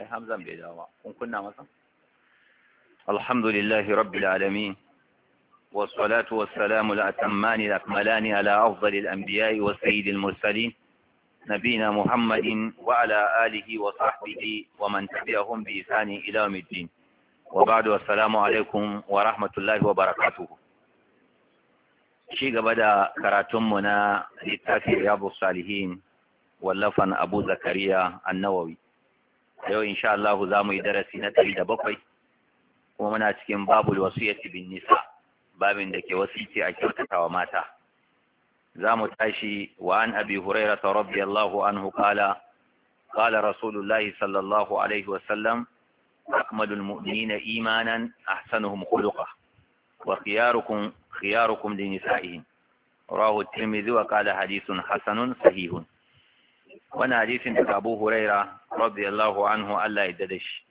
ai hamzan bai dawo ba kun kunna masa alhamdulillahi rabbil alamin wassalatu wassalamu ala atammani da akmalani ala afdalil anbiya'i wa sayyidil mursalin nabina muhammadin wa ala alihi wa sahbihi wa man tabi'ahum bi isani ila yawmiddin wa ba'du assalamu alaikum wa rahmatullahi wa barakatu. shi gaba da karatun mu na littafin riyadus salihin wallafan abu zakariya annawawi yau insha Allahu za mu yi darasi na ɗari da bakwai kuma muna cikin babul wasiyati bin nisa babin da ke wasiyati a kyautata wa mata za mu tashi wa an abi huraira ta radiyallahu anhu qala qala rasulullahi sallallahu alaihi wa sallam akmalul mu'minina imanan ahsanuhum khuluqa wa khiyarukum khiyarukum li nisa'ihim rawahu tirmidhi wa qala hadithun Hassanun sahihun wannan hadisin da Abu Huraira radiyallahu anhu Allah ya dade shi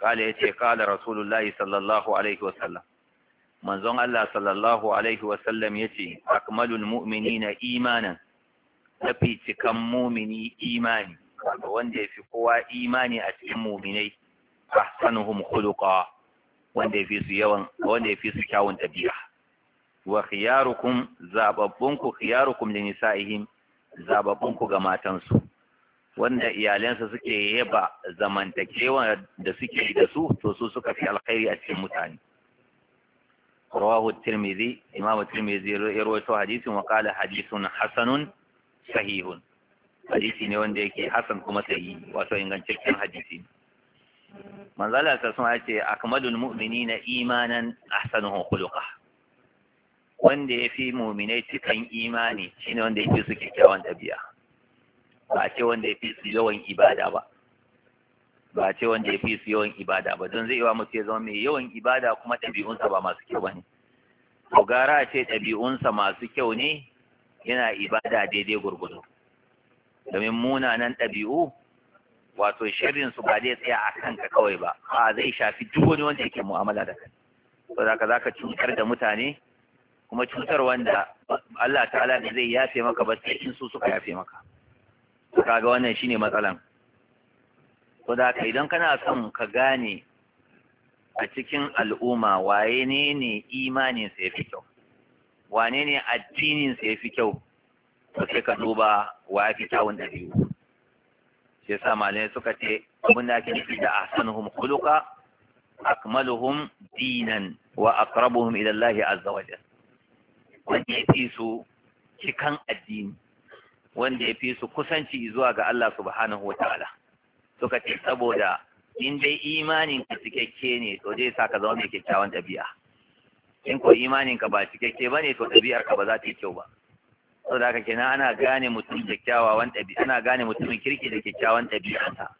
kala yace kala rasulullahi sallallahu alaihi wasallam manzon Allah sallallahu alaihi wasallam yace akmalul mu'minina imanan tafi cikan mumini imani wanda yafi kowa imani a cikin muminai ahsanuhum khuluqa wanda yafi su yawan wanda yafi su kyawun tabi'a wa khiyarukum zababbunku khiyarukum li nisa'ihim zababbunku ga matansu wanda iyalansa suke yaba zamantakewa da suke da su to su suka fi alkhairi a cikin mutane rawahu tirmidhi imamu tirmidhi ya rawaito hadisin wa qala hadithun hasanun sahihun hadisi ne wanda yake hasan kuma sahihi wato ingantaccen hadisi manzala ta sun ce akmalul mu'minina imanan ahsanuhum khuluqa wanda yafi mu'minai cikin imani shine wanda yake su kyakkyawan dabi'a ba ce wanda ya fi su yawan ibada ba ba a ce wanda ya fi su yawan ibada ba don zai yi wa mutu ya zama mai yawan ibada kuma ɗabi'unsa ba masu kyau ba ne to gara ce ɗabi'unsa masu kyau ne yana ibada daidai gurgudu domin munanan ɗabi'u wato shirin su ba zai tsaya a kanka kawai ba a zai shafi duk wani wanda yake mu'amala da kai to zaka zaka cutar da mutane kuma cutar wanda Allah ta'ala ne zai yafe maka ba sai in su suka yafe maka kaga wannan shine matsalan ko da ka idan kana son ka gane a cikin al'umma waye ne ne imanin sa yafi kyau wane ne addinin sa yafi kyau to sai ka duba wa yafi kyawun dabi'u shi malamai suka ce abin da ake nufi da ahsanuhum khuluqa akmaluhum dinan wa aqrabuhum ila Allah azza wa jalla wanda yafi su cikan addini wanda ya fi su kusanci zuwa ga Allah subhanahu ta'ala suka ce saboda in dai imanin ka cikakke ne to zai sa ka zama mai kyakkyawan ɗabi'a in ko imanin ka ba cikakke ba ne to ɗabi'ar ka ba za ta yi kyau ba saboda haka kenan ana gane mutum kyakkyawan ɗabi'a ana gane mutumin kirki da kyakkyawan Kyautata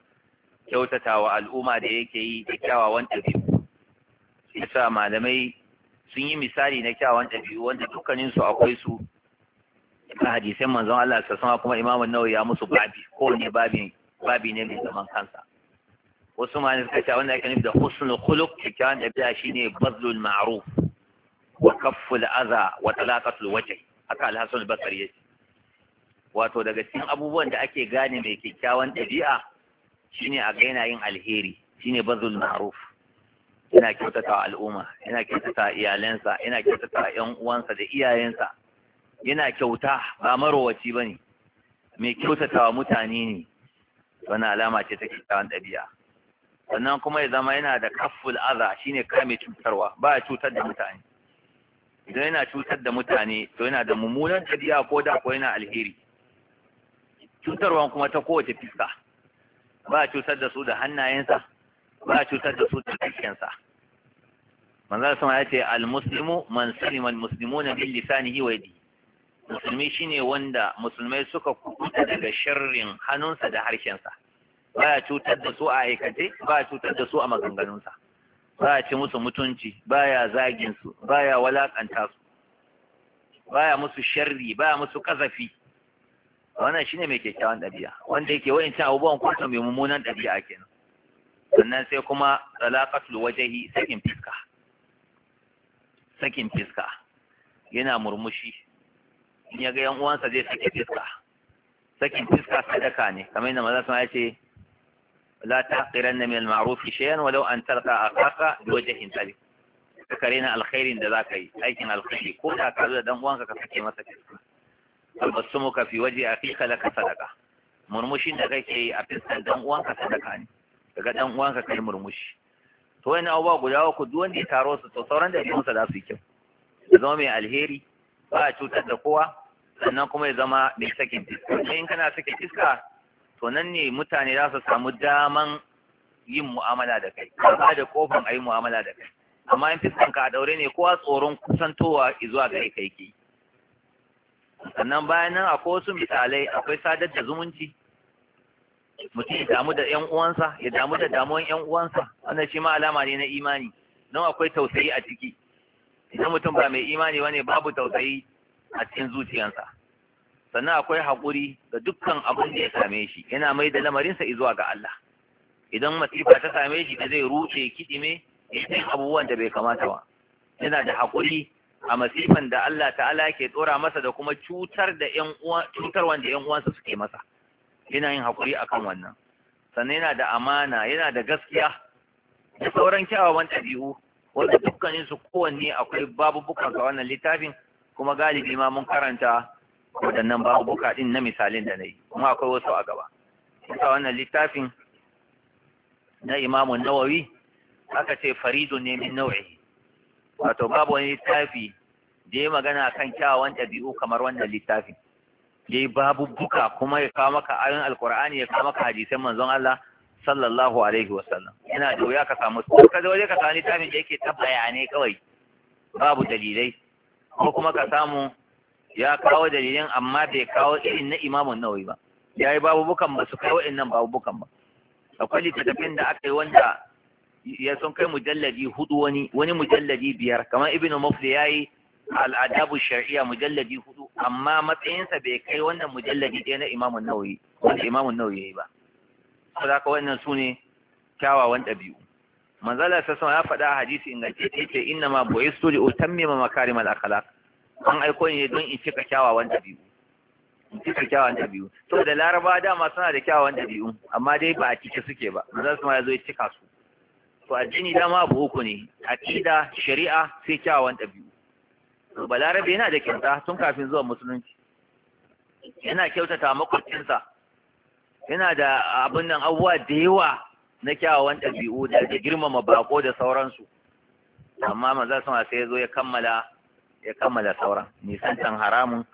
kyautatawa al'umma da yake yi kyakkyawan kyawawan ɗabi'u sa malamai sun yi misali na kyawawan ɗabi'u wanda dukkaninsu akwai su a hadisan manzon Allah ta sama kuma Imam Nawawi ya musu babi ko ne babi babi ne mai zaman kansa wasu ma ne suka ce wanda ake nufi da husnul khuluq kikkiawan dabi'a shine bazlul ma'ruf wa kafful adha wa talaqatul wajh haka al-Hasan al-Basri yace wato daga cikin abubuwan da ake gane mai kikkiawan dabi'a shine a ga yana yin alheri shine bazlul ma'ruf yana kyautata al'umma yana kyautata iyalansa yana kyautata ƴan uwansa da iyayensa yana kyauta ba marowaci ba ne mai wa mutane ne Wani alama ce ta kyakkyawan ɗabi'a sannan kuma ya zama yana da kaful aza shine kame cutarwa ba ya cutar da mutane idan yana cutar da mutane to yana da mummunan ɗabi'a ko da ko yana alheri cutarwa kuma ta kowace fiska ba ya cutar da su da hannayensa ba ya cutar da su da kaskensa manzal sama ya ce al-muslimu man salima al-muslimuna min lisanihi wa yadihi musulmi shine wanda musulmai suka kuta daga sharrin hannunsa da harshensa baya cutar da su a aikace baya cutar da su a maganganunsa baya ci musu mutunci baya zagin su baya walakanta su baya musu sharri baya musu kazafi wannan shine mai kyakkyawan ɗabi'a wanda yake cin abubuwan kwanta mai mummunan ɗabi'a kenan sannan sai kuma talaqatul wajhi sakin fiska sakin fiska yana murmushi in ya ga yan uwansa zai sake fiska sakin fiska sadaka ne kamar yadda maza sun ce la taqiranna min al-ma'ruf shay'an walau an tarqa aqaka bi wajhin tali ka rena alkhairin da zaka yi aikin alkhairi ko da ka zo da dan uwanka ka sake masa fiska ka fi wajhi la ka sadaka murmushin da kake yi a fiskan dan uwanka sadaka ne daga dan uwanka kai murmushi to wani abubuwa guda uku duk wanda ya taro su to sauran da biyunsa za su yi kyau ya zama mai alheri ba a cutar da kowa sannan kuma ya zama mai sakin fiska in kana sakin fiska to nan ne mutane za su samu daman yin mu'amala da kai ka ba da kofan a yi mu'amala da kai amma in fiskan ka a daure ne kowa tsoron kusantowa zuwa ga kai ke sannan bayan nan akwai wasu misalai akwai sadar da zumunci mutum ya damu da yan uwansa ya damu da damuwan yan uwansa wannan shi ma alama ne na imani nan akwai tausayi a ciki idan mutum ba mai imani ba ne babu tausayi a cikin zuciyarsa sannan akwai haƙuri ga dukkan abin da ya same shi yana mai da lamarinsa zuwa ga Allah idan masifa ta same shi da zai ruce kidime yi abubuwan da bai kamata ba yana da haƙuri a masifan da Allah ta'ala ke tsora masa da kuma cutar da ƴan uwa cutar wanda ƴan uwansa suke masa yana yin haƙuri akan wannan sannan yana da amana yana da gaskiya da sauran kyawawan ɗabi'u wanda dukkanin su kowanne akwai babubuka ga wannan littafin kuma galibi ma mun karanta waɗannan babubuka din na misalin da na yi kuma akwai wasu a gaba kusa wannan littafin na imamu nawawi aka ce faridun ne min nau'i wato babu wani littafi da ya magana kan kyawawan ɗabi'u kamar wannan littafin ya yi babubuka kuma ya kawo maka ayon alkur'ani ya kawo maka hadisan manzon Allah sallallahu alaihi wasallam ina da wuya ka samu ka zo waje ka samu littafin da yake ta bayanai kawai babu dalilai ko kuma ka samu ya kawo dalilin amma bai kawo irin na imamun nawawi ba ya yi babu bukan ba su kawo kai babu bukan ba akwai littafin da aka yi wanda ya sun kai mujalladi hudu wani wani mujalladi biyar kamar ibn mufli ya yi al'adabu shari'a mujalladi hudu amma matsayinsa bai kai wannan mujalladi ɗaya na imamun nawawi wanda imamun nawawi ya yi ba ko ka wannan su ne kyawawan ɗabi'u manzala sassa ya faɗa a hadisi ingantacce ce inna ma boye su otan mema makari al akhlaq an aiko ne don in cika kyawawan ɗabi'u in cika kyawawan ɗabi'u to da laraba dama suna da kyawawan ɗabi'u amma dai ba a cike suke ba manzala sassa ya zo ya cika su to addini dama abu uku ne aqida shari'a sai kyawawan ɗabi'u balarabe yana da kyauta tun kafin zuwa musulunci yana kyautata makwabcinsa yana da abin nan abubuwa da yawa na kyawawan ɗabi'u da ake girmama bako da sauransu amma maza sama sai zo ya kammala ya kammala sauran nisantan haramun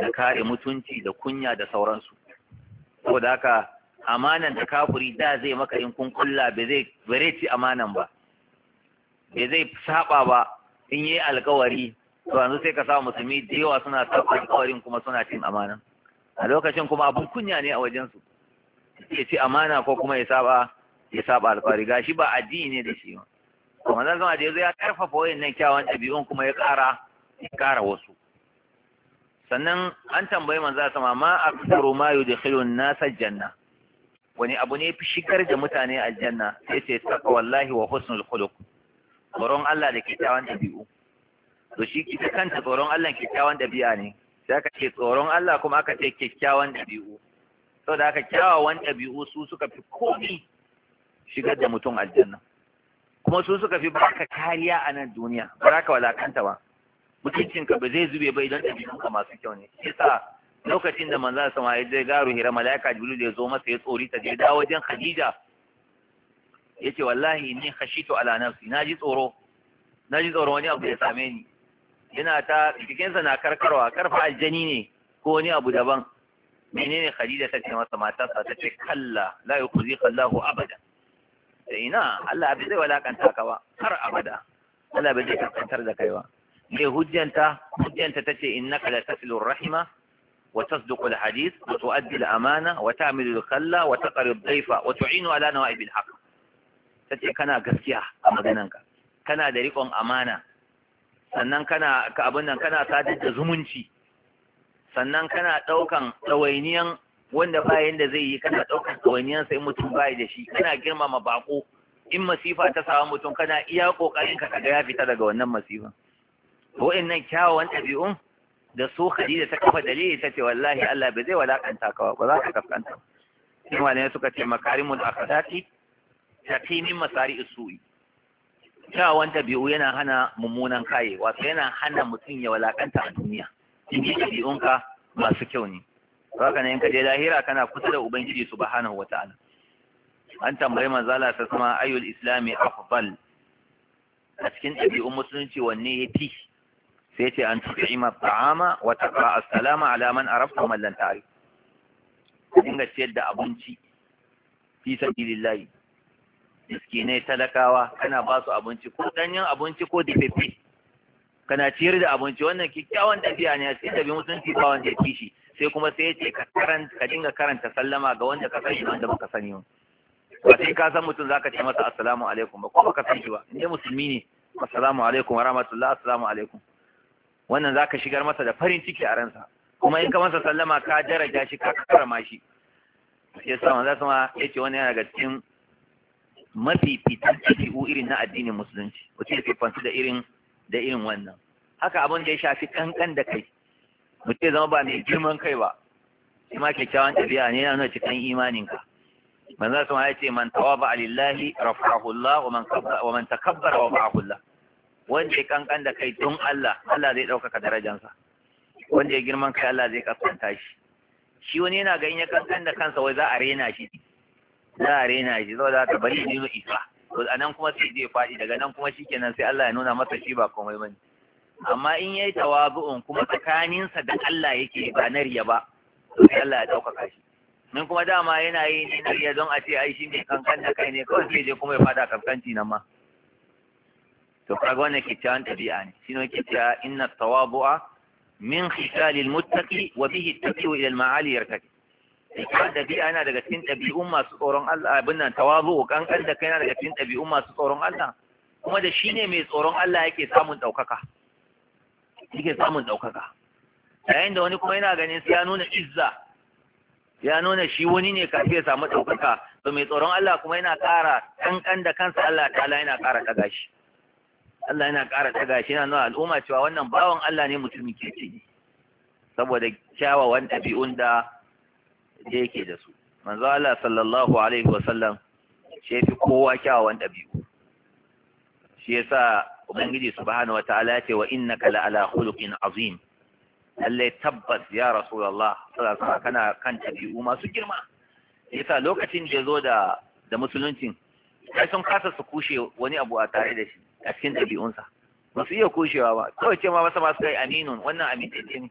da kare mutunci da kunya da sauransu saboda haka amanan da kafuri da zai maka in kun kulla ba zai bare ci amanan ba ba zai saba ba in yi alkawari to yanzu sai ka sa musulmi da yawa suna saba alkawarin kuma suna cin amanan a lokacin kuma abun kunya ne a wajensu ya ci amana ko kuma ya saba ya saba alfari gashi ba addini ne da shi ba kuma zan zama da yazo ya karfafa wayannan kyawun dabi'un kuma ya ƙara ya kara wasu sannan an tambayi manzo sama ma aktaru ma yudkhilu an-nasa janna wani abu ne fi shigar da mutane aljanna sai saka wallahi wa husnul khuluq tsoron Allah da kyakkyawan ɗabi'u to shi kanta tsoron Allah kyakkyawan ɗabi'a ne sai aka ce tsoron Allah kuma aka ce kyakkyawan ɗabi'u da aka kyawa kyawawan ɗabi'u su suka fi komi shigar da mutum aljanna kuma su suka fi baka kariya a nan duniya ba za ka walakanta ba ka ba zai zube ba idan ka masu kyau ne shi sa lokacin da manzan sama ya je garu hira malaika jibril ya zo masa ya tsori ta je dawo wajen khadija yace wallahi ni khashitu ala nafsi naji tsoro naji tsoro wani abu ya same ni yana ta cikinsa na karkarwa karfa aljani ne ko wani abu daban menene khadija ta ce masa mata sa ta ce kalla la yukhzi kallahu abada da ina Allah bai zai walakanta ka ba har abada Allah bai zai kaskantar da kai ba me hujjanta hujjanta ce innaka la tasilu rahima wa tasduqu al hadith wa tuaddi al amana wa ta'milu al khalla wa taqri al dhayfa wa tu'inu ala nawa'ib al haqq tace kana gaskiya a magananka kana da riƙon amana sannan kana ka abin nan kana sadar da zumunci sannan kana ɗaukan ɗawainiyan wanda ba da zai yi kana ɗaukan ɗawainiyan sai mutum ba da shi kana girmama bako in masifa ta samu mutum kana iya ƙoƙarin ka kaga ya fita daga wannan masifa wa'annan kyawawan ɗabi'un da su Khadija ta kafa dalili ta ce wallahi Allah bai zai wadakanta ka ba za ka kaskanta sai ne suka ce makarimul akhlaqi tatimin masari usui kyawawan ɗabi'u yana hana mummunan kaye wato yana hana mutum ya wadakanta a duniya in ji ɗabi'unka masu kyau ne haka ne in ka je lahira kana kusa da ubangiji subhanahu wata'ala an tambayi manzala ta kuma ayul islami afdal a cikin ɗabi'un musulunci wanne ya fi sai ce an tu'ima ta'ama wa taqa as-salama ala man arafta man lan ta'rif dinga ciyar da abinci fi sabilillahi miskinai talakawa kana ba su abinci ko danyen abinci ko dafefe kana ciyar da abinci wannan kyakkyawan ɗabi'a ne a cikin bi musulunci ba wanda ya kishi sai kuma sai ya ce ka karanta ka dinga karanta sallama ga wanda ka sani wanda baka sani ba ba sai ka san mutum zaka ce masa assalamu alaikum ba ko baka san shi ba ne musulmi ne assalamu alaikum wa rahmatullah assalamu alaikum wannan zaka shigar masa da farin ciki a ransa kuma in ka masa sallama ka daraja shi ka karama shi sai sa manzo sama yace wani yana daga cikin mafi mafifitan ɗabi'u irin na addinin musulunci wace ya fansu da irin da irin wannan haka abin da ya shafi kankan da kai mutum zama ba mai girman kai ba shi ma kyakkyawan tafiya ne yana nuna cikin imaninka manzo sun ya ce man tawaba ba rafahu Allah wa man kabba wa man takabbara wa ba'ahu Allah wanda ya kankan da kai don Allah Allah zai ɗaukaka darajansa wanda ya girman kai Allah zai kaskanta shi shi wani yana ganin ya kankan da kansa wai za a rena shi za a rena shi saboda ta bari ne isa to a nan kuma sai je faɗi daga nan kuma shikenan sai Allah ya nuna masa shi ba komai bane amma in yayi tawazu'un kuma tsakaninsa da Allah yake ba na riya ba to sai Allah ya daukaka shi min kuma dama yana yi ne na riya don a ce ai shi ne kankan da kai ne kawai sai je kuma ya fada kankanci nan ma to kaga wannan kyakkyawan ɗabi'a ne shi ne kyakkyawa inna tawabu'a min khisalil muttaqi wa bihi taqiwa ila al-ma'ali yartaqi ita dabi'a yana daga cikin ɗabi'un masu tsoron Allah abin nan tawazu Ƙanƙan da kai yana daga cikin ɗabi'un masu tsoron Allah kuma da shi ne mai tsoron Allah yake samun ɗaukaka yake samun ɗaukaka yayin da wani kuma yana ganin sai ya nuna izza ya nuna shi wani ne kafin ya samu ɗaukaka to mai tsoron Allah kuma yana ƙara ƙanƙan da kansa Allah ta'ala yana ƙara ɗaga shi Allah yana ƙara ɗaga shi yana nuna al'umma cewa wannan bawan Allah ne mutumin ciki. saboda kyawawan ɗabi'un da da yake da su manzo Allah sallallahu alaihi wasallam shi fi kowa kyawawan ɗabi'u shi yasa ubangiji subhanahu wataala ce wa innaka la ala khuluqin azim lalle tabbas ya rasulullah sallallahu alaihi kana kan ɗabi'u masu girma yasa lokacin da zo da da musuluncin sai sun kasa su kushe wani abu a tare da shi a cikin ɗabi'unsa ba su iya kushewa ba kawai ce ma masa masu kai aminun wannan amintacce ne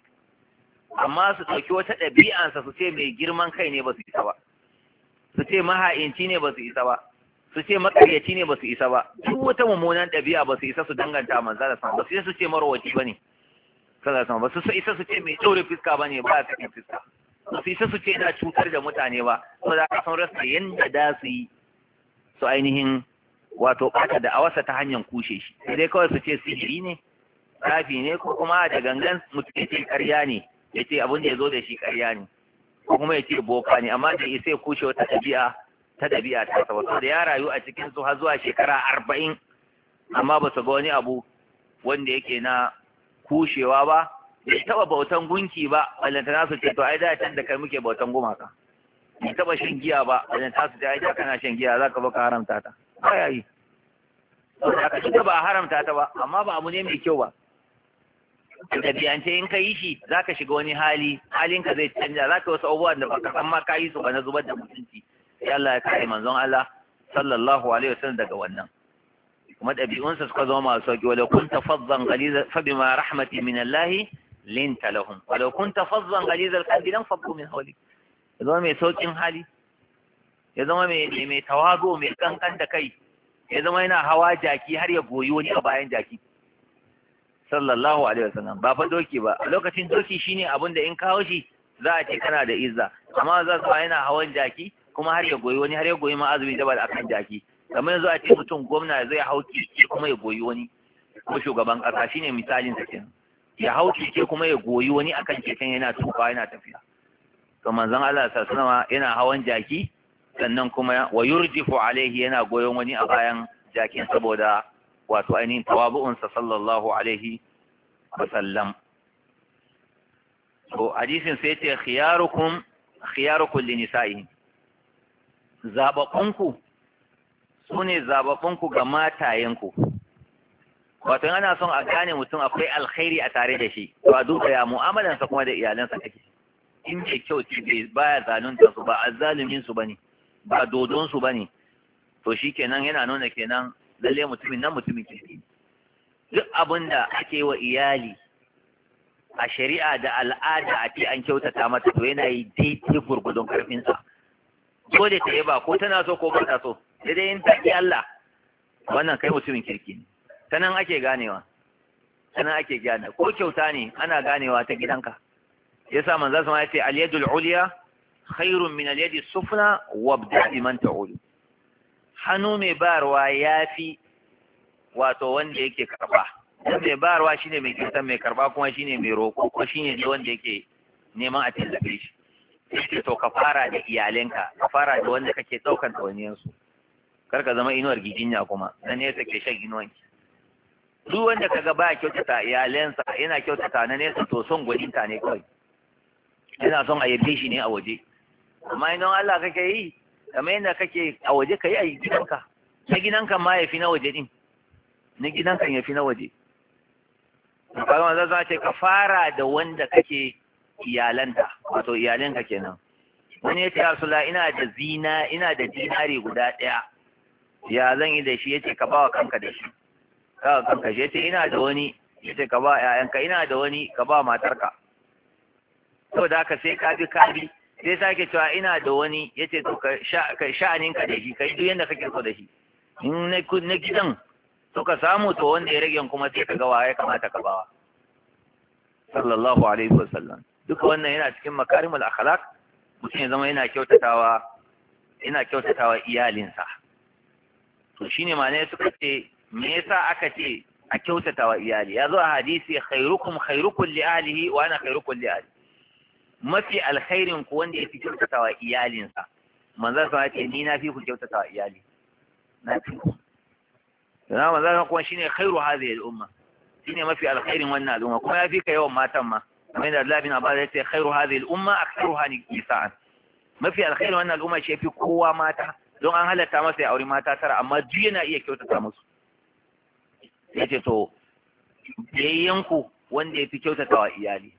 amma su ɗauki wata ɗabi'ansa su ce mai girman kai ne ba su isa ba su ce maha'inci ne ba su isa ba su ce makaryaci ne ba su isa ba duk wata mummunan ɗabi'a ba su isa su danganta a manzara sama ba su isa su ce marowaci ba ne sallallahu sama ba su isa su ce mai ɗaure fiska ba ne ba a cikin fiska ba su isa su ce na cutar da mutane ba za haka san rasa yadda da su yi su ainihin wato ɓata da awasa ta hanyar kushe shi sai dai kawai su ce sihiri ne kafi ne ko kuma da gangan mutum ce ƙarya ne ya ce abin da ya zo da shi karya ne ko kuma ya ce boka ne amma da sai kushe wata ɗabi'a ta ɗabi'a ta sa wato da ya rayu a cikin su har zuwa shekara arba'in amma ba su ga wani abu wanda yake na kushewa ba bai taɓa bautan gunki ba ballantana su ce to ai da can da kai muke bautan gumaka bai taɓa shan giya ba ballantana su ce ai da kana shan giya za ka zo ka haramta ta ba ya yi saboda ka ci ba haramta ta ba amma ba abu ne mai kyau ba ce in ka yi shi za ka shiga wani hali halinka zai canja za ka wasu abubuwan da baka san ma ka yi su ba na zubar da mutunci sai Allah ya kare manzon Allah sallallahu alaihi wasallam daga wannan kuma ɗabi'unsa suka zama masu sauki wala kunta fazzan ghaliza fa bima rahmati min Allah linta lahum wala kunta fazzan ghaliza al-qalbi lam faddu min hawlik ya zama mai saukin hali ya zama mai mai tawago mai kankan da kai ya zama yana hawa jaki har ya goyi wani a bayan jaki sallallahu alaihi wasallam ba fa doki ba lokacin doki shine abin da in kawo shi za a ce kana da izza amma za su yana hawan jaki kuma har ya goyi wani har ya goyi ma azumi da akan jaki kamar yanzu a ce mutum gwamna zai hau keke kuma ya goyi wani ko shugaban kasa shine misalin sa ya hau keke kuma ya goyi wani akan keken yana tuka yana tafiya to manzon Allah sallallahu alaihi yana hawan jaki sannan kuma wa yurjifu alaihi yana goyon wani a bayan jakin saboda wato ainihin tawabu'unsa sallallahu alaihi wasallam to hadisin sai ce khiyarukum khiyarukum li nisa'ihim sune zababbunku ga matayenku wato ana son a gane mutum akwai alkhairi a tare da shi to a duba ya mu'amalansa kuma da iyalansa take in mai kyau ce baya zalunta su ba azzalumin su bane ba dodon su bane to shikenan yana nuna kenan lalle mutumin nan mutumin kirki duk abin da ake wa iyali a shari'a da al'ada a ce an kyautata mata to yana yi daidai gurgudun karfinsa ko da ta yaba ko tana so ko ba ta so sai dai in ta Allah wannan kai mutumin kirki ne ta nan ake ganewa ta nan ake gane ko kyauta ne ana ganewa ta gidanka yasa manzo sama ya ce al yadul ulya khairun min al yadi wa wabda man ta'ulu hannu mai barwa ya fi wato wanda yake karba dan mai barwa shine mai kisan mai karba kuma shine mai roƙo ko shine ne wanda yake neman a tallafe shi to ka fara da iyalinka ka fara da wanda kake daukan tawaniyan su kar ka zama inuwar gijinya kuma na nesa ke shan ki. duk wanda kaga ba kyautata iyalansa yana kyautata na nesa to son gwaninta ne kawai yana son a yabe shi ne a waje amma idan Allah kake yi kamar yadda kake a waje ka yi a gidanka na gidanka ma ya fi na waje din na gidanka ya fi na waje kaga manzo za ce ka fara da wanda kake iyalanta wato iyalinka kenan wani ya ce asula ina da zina ina da dinari guda ɗaya ya zan yi da shi ya ce ka bawa kanka da shi kawa kanka shi ya ce ina da wani ya ce ka ba yayanka ina da wani ka ba matarka saboda haka sai ka bi ka bi sai sake cewa ina da wani ya ce to kai sha'aninka da shi kai duk yadda kake so da shi in na gidan to ka samu to wanda ya rage kuma sai ka gawa ya kamata ka bawa sallallahu alaihi wa sallam duka wannan yana cikin makarimul akhlaq mutum ya zama yana kyautatawa yana kyautatawa iyalinsa to shine ma ne suka ce me yasa aka ce a kyautatawa iyali ya zo a hadisi khairukum khairukum li ahlihi wa ana khairukum li ahlihi mafi alkhairin ku wanda ya fi kyautatawa iyalinsa manzan sa ce ni na fi ku kyautatawa iyali na fi ku na manzan sa kuma shine khairu ya al-umma shine mafi alkhairin wannan al'umma kuma ya fi ka yawan matan ma kamar yadda Abdullahi bin Abbas ya ce khairu hadhihi al-umma hani isa'an mafi alkhairin wannan al'umma shi ya fi kowa mata don an halatta masa ya auri mata tara amma duk yana iya kyautata musu ya ce to yayyanku wanda ya fi kyautata wa iyali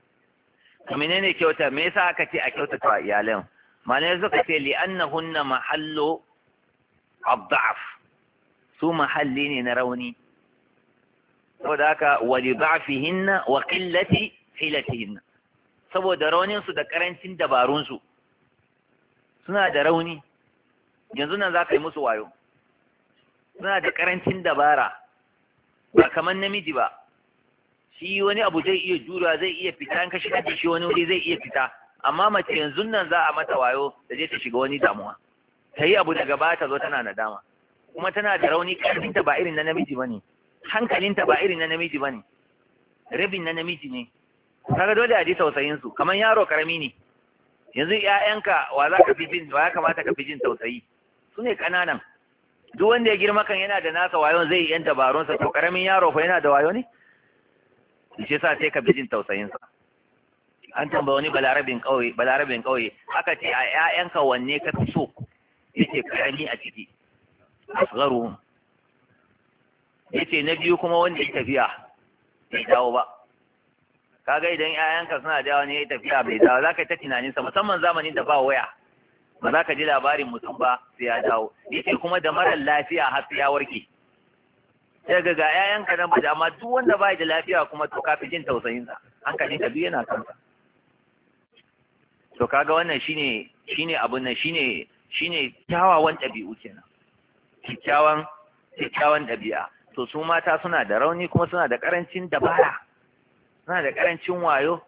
to menene kyauta me yasa aka ce a kyautata wa iyalan yanzu ka ce li annahunna mahallu ad su mahalli ne na rauni saboda haka wa baafi da'fihinna wa qillati hilatihinna saboda raunin su da karancin dabarun su suna da rauni yanzu nan za ka yi musu wayo suna da karancin dabara ba kamar namiji ba shi wani abu zai iya jura zai iya fita in ka shiga da shi wani wuri zai iya fita amma mace yanzu nan za a mata wayo da zai ta shiga wani damuwa ta yi abu daga baya ta zo tana nadama kuma tana da rauni karfinta ba irin na namiji bane hankalinta ba irin na namiji bane rabin na namiji ne kaga dole a ji tausayin su kamar yaro karami ne yanzu ƴaƴanka wa za ka fi jin wa ya kamata ka fi jin tausayi su ne kananan duk wanda ya girma kan yana da nasa wayon zai yi yan dabarunsa to karamin yaro fa yana da wayo ne shi sa sai ka bi jin tausayinsa an tamba wani balarabin ƙauye balarabin ƙauye aka ce a ƴaƴanka wanne ka fi so yace karami a ciki asgharuhum yace na biyu kuma wanda ya tafiya bai dawo ba kaga idan ƴaƴanka suna dawo ne ya tafiya bai dawo zaka ta tunanin sa musamman zamanin da ba waya ba za ka ji labarin mutum ba sai ya dawo yace kuma da marar lafiya har sai ya warke daga ga 'ya'yan ƴaƴanka nan baje amma duk wanda bai da lafiya kuma to kafi jin tausayin sa hankalin ka duk yana ka to kaga wannan shine shine abun nan shine shine kyawawan ɗabi'u kenan kyakkyawan kyawawan ɗabi'a to su mata suna da rauni kuma suna da karancin dabara suna da karancin wayo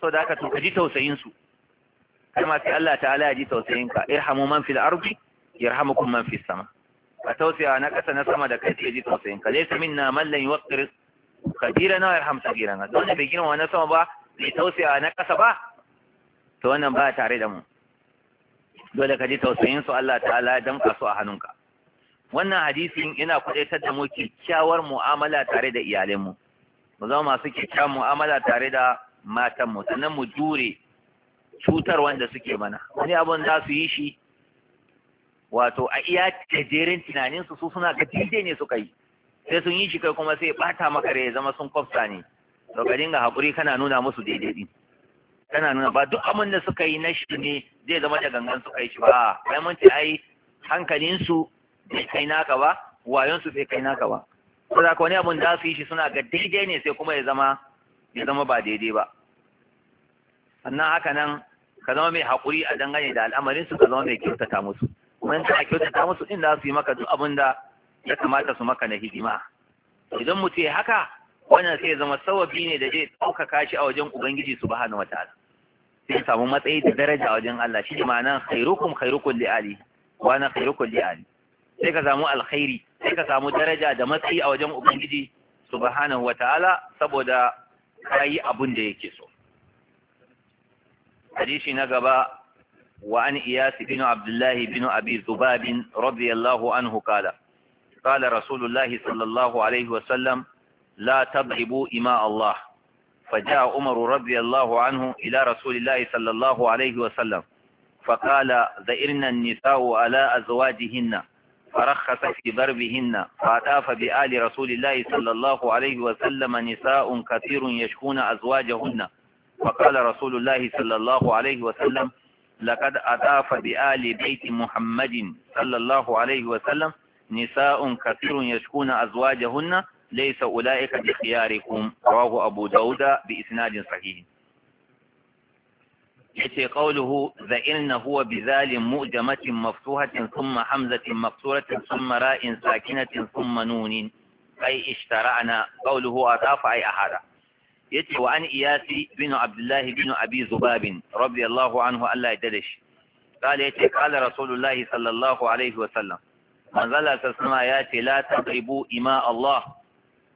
so da haka to ka ji tausayin su kai ma sai Allah ta'ala ya ji tausayin ka irhamu man fil ardi yarhamukum man fis sama' ka tausaya na ƙasa na sama da kai sai ji tausayin ka laysa minna man lam yuwaqqir kabirana wa yarham sagirana don zaune bai girma na sama ba bai tausaya na ƙasa ba to wannan ba tare da mu dole ka ji tausayin su Allah ta'ala ya damka su a hannunka wannan hadisin yana kudaitar da mu kyakkyawar mu'amala tare da iyalanmu mu zama masu kyakkyawar mu'amala tare da matanmu sannan mu jure cutar wanda suke mana wani abun za su yi shi wato a iya gajeren tunanin su suna ga dide ne suka yi sai sun yi shi kai kuma sai bata maka rai zama sun kwafsa ne to ka dinga hakuri kana nuna musu daidai din kana nuna ba duk abin da suka yi na shi ne zai zama da gangan suka yi shi ba kai mun ce ai hankalin su bai kai naka ba wayon su bai kai naka ba ka wani abun da su yi shi suna ga daidai ne sai kuma ya zama ya zama ba daidai ba sannan haka nan ka zama mai hakuri a dangane da al'amarin su ka zama mai kyautata musu wani ta kyautata musu inda za su yi maka duk abin da ya kamata su maka na hidima idan mu ce haka wannan sai zama sawabi ne da zai ɗaukaka shi a wajen ubangiji su wata ala. sai samu matsayi da daraja a wajen Allah shi nan khairukum khairukum li ali wa na khairukum li ali sai ka samu alkhairi sai ka samu daraja da matsayi a wajen ubangiji subhanahu ala, saboda kayi abin da yake so hadisi na gaba وعن إياس بن عبد الله بن أبي ذباب رضي الله عنه قال قال رسول الله صلى الله عليه وسلم لا تضربوا إماء الله فجاء عمر رضي الله عنه إلى رسول الله صلى الله عليه وسلم فقال ذئرن النساء على أزواجهن فرخص في ضربهن فأتاف بآل رسول الله صلى الله عليه وسلم نساء كثير يشكون أزواجهن فقال رسول الله صلى الله عليه وسلم لقد أطاف بآل بيت محمد صلى الله عليه وسلم نساء كثير يشكون أزواجهن ليس أولئك بخياركم رواه أبو داود بإسناد صحيح يتي قوله ذئلن هو بذال مؤجمة مفتوحة ثم حمزة مكسورة ثم راء ساكنة ثم نون أي اشترعنا قوله أطاف أي أحادا yace wa an iyasi bin abdullahi bin abi zubabin radiyallahu anhu Allah ya dade shi kala yace kala rasulullahi sallallahu alaihi wa sallam manzala ta sama ya ce la taqribu ima Allah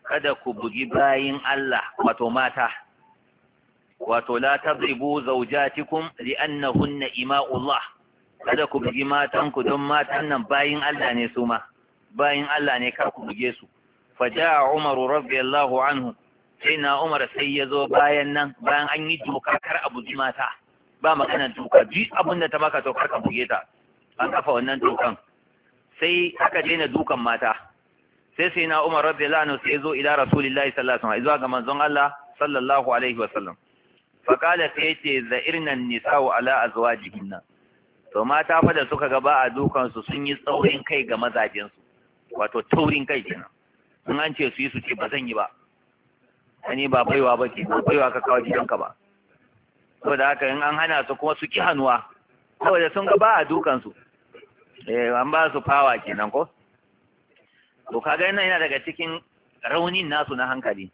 kada ku bugi bayin Allah wato mata wato la tadribu zawjatikum ima Allah?" kada ku bugi matan ku don matan nan bayin Allah ne su ma bayin Allah ne kar ku buge su faja'a Umar radiyallahu anhu sai na umar sai ya zo bayan nan bayan an yi doka kar a bugi mata ba maganar doka ji abin da ta maka to kar ka buge ta an kafa wannan dokan sai aka daina dukan mata sai sai na umar radiyallahu anhu sai ya zo ila rasulullahi sallallahu alaihi wasallam zuwa ga manzon Allah sallallahu alaihi wasallam fa qala sai ce za'irna nisa'u ala azwajihinna to mata fa da suka gaba a dukan su sun yi tsaurin kai ga mazajen su wato taurin kai kenan in an ce su yi su ce ba zan yi ba ani ba baiwa ba ke ba baiwa ka kawo gidanka ba saboda haka in an hana su kuma su ki hannuwa saboda sun ga ba a dukansu eh an ba su fawa kenan ko to kaga yana yana daga cikin raunin nasu na hankali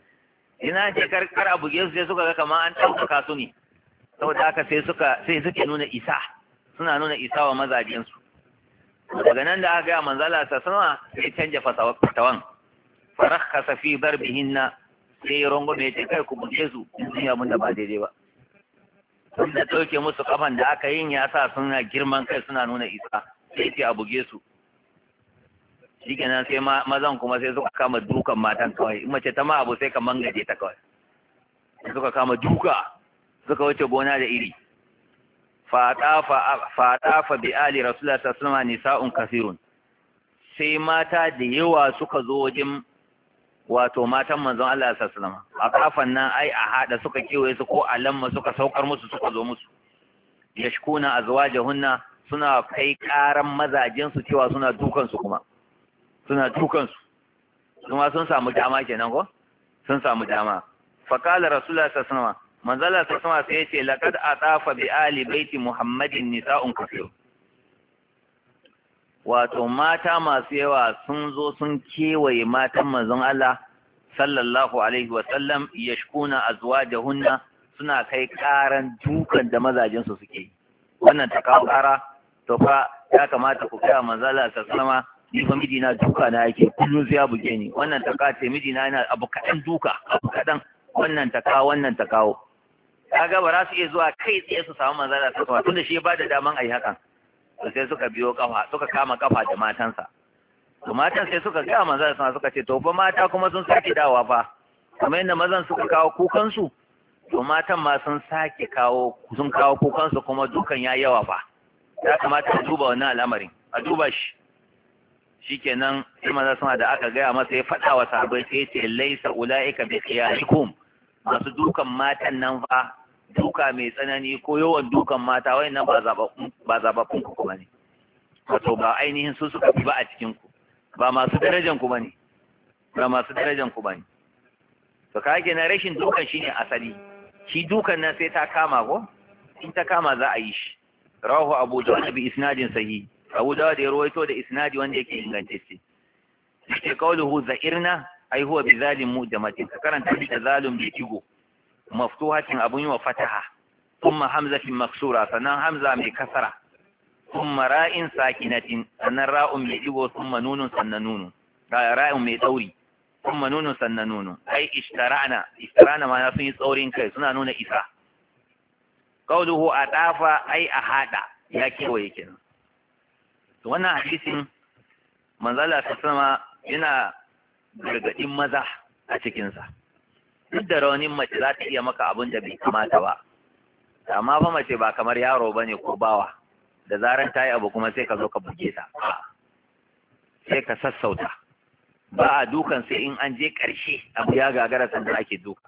ina ce kar kar a buge su sai suka ga kamar an ɗaukaka su ne saboda haka sai suka sai suke nuna isa suna nuna isa wa mazajin su daga nan da aka ga manzala ta sama sai canja fatawan farakha fi darbihinna sai ya rongo mai ce kai ku buge su in sun yi abin da ba daidai ba da ɗauke musu kafan da aka yin ya sa suna girman kai suna nuna isa sai ce a buge su nan sai mazan kuma sai suka kama dukan matan kawai in mace ta ma abu sai ka mangaje ta kawai suka kama duka suka wuce gona da iri fatafa bi ali rasulullah sallallahu alaihi wasallam nisa'un kasirun sai mata da yawa suka zo wajen wato matan manzon Allah ya sallama a kafan nan ai a hada suka kewaye su ko a lamma suka saukar musu suka zo musu yashkuna azwajahunna suna kai karan mazajin su cewa suna dukan su kuma suna dukan su kuma sun samu dama kenan ko sun samu dama fa qala rasulullah sallallahu alaihi wasallam manzon Allah sallallahu alaihi wasallam sai ya ce laqad atafa bi ali baiti muhammadin nisa'un kathir wato mata masu yawa sun zo sun kewaye matan manzon Allah sallallahu alaihi wasallam da hunna, suna kai karan dukan da mazajen su suke wannan ta kawo kara to fa ya kamata ku kaya manzon Allah sallama ni fa mijina duka na yake kullun sai ya buge ni wannan ta ce mijina yana abu kadan duka abu kadan wannan ta kawo wannan ta kawo kaga ba za su iya zuwa kai tsaye su samu manzon Allah sallama tunda shi ba da daman ayi hakan sai suka biyo kafa suka kama kafa da matansa to matan sai suka gaya manzon sa suka ce to fa mata kuma sun sake dawa fa kamar yadda mazan suka kawo kukan su to matan ma sun sake kawo sun kawo kukan su kuma dukan ya yawa fa ya kamata a duba wannan al'amarin a duba shi shikenan sai manzon sa da aka gaya masa ya faɗa wa sahabbai sai ya ce laisa ulaika bi khiyarikum masu dukan matan nan fa duka mai tsanani ko yawan dukan mata wai nan ba zababbun ku kuma ne wato ba ainihin su suka fi ba a cikin ku ba masu darajan ku ne ba masu darajan ku ne to ka na rashin dukan shine asali shi dukan nan sai ta kama ko in ta kama za a yi shi rahu abu dawud bi isnadin sahi. abu dawud ya rawaito da isnadi wanda yake ingantacce sai qawluhu za'irna ai huwa bi zalim mujamatin karanta bi zalim bi kigo maftuhatin abun yi wa fataha kuma hamzatin maksura sannan hamza mai kasara kuma ra'in sakinatin sannan ra'un mai digo kuma nunun sannan nunun ra'in mai tsauri kuma nunun sannan nunun ai ishtara'na ishtara'na sun yi tsaurin kai suna nuna isa a atafa ai a haɗa ya kewaye kenan to wannan hadisin manzala ta sama yana gargadin maza a cikinsa duk da raunin mace za ta iya maka abin da bai kamata ba amma fa mace ba kamar yaro ba ne ko bawa da zaran ta yi abu kuma sai ka zo ka buge ta sai ka sassauta ba a dukan sai in an je ƙarshe abu ya gagara da ake duka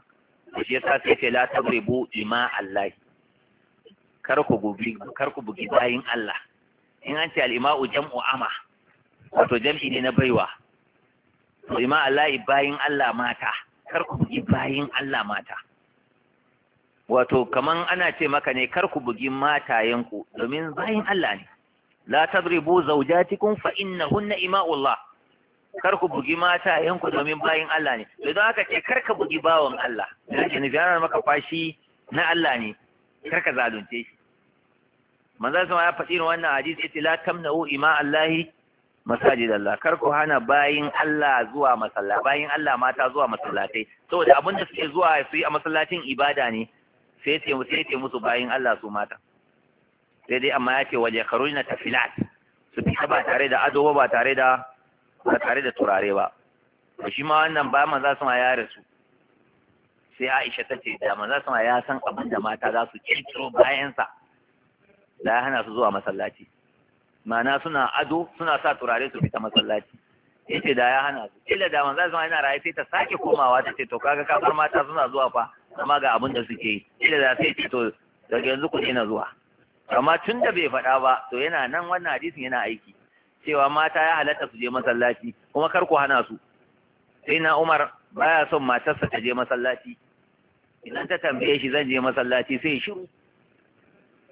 shi yasa sai ce la tabribu ima Allah kar ku bugi kar ku bugi bayin Allah in an ce al-ima'u jam'u ama wato jam'i ne na baiwa to ima Allah bayin Allah mata kar ku bugi bayin Allah mata wato kaman ana ce maka ne kar ku bugi matayenku domin bayin Allah ne la tadribu zawjatikum fa hunna ima'ullah kar ku bugi matayenku domin bayin Allah ne to don haka ce kar ka bugi bawan Allah yake nufi ana maka fashi na Allah ne kar ka zalunce shi manzo sama ya faɗi wannan hadisi ce la tamna'u ima Allahi masajid Allah kar ku hana bayin Allah zuwa masalla bayin Allah mata zuwa masallatai saboda abin da suke zuwa su yi a masallacin ibada ne sai ce sai ce musu bayin Allah su mata sai dai amma ya ce waje kharujna tafilat su fita ba tare da ado ba tare da ba tare da turare ba to shi ma wannan ba maza su ma ya rasu sai Aisha ta ce da maza su ma ya san abin da mata za su kirkiro bayan sa da hana su zuwa masallaci Mana suna ado suna sa turare su fita masallaci yace da ya hana su kila da manzo zama yana raye sai ta sake komawa ta ce to kaga ka mata suna zuwa fa amma ga abinda da suke yi kila da sai ce to daga yanzu ku ina zuwa amma tun da bai faɗa ba to yana nan wannan hadisin yana aiki cewa mata ya halatta su je masallaci kuma kar ku hana su sai na Umar baya son matarsa ta je masallaci idan ta tambaye shi zan je masallaci sai shiru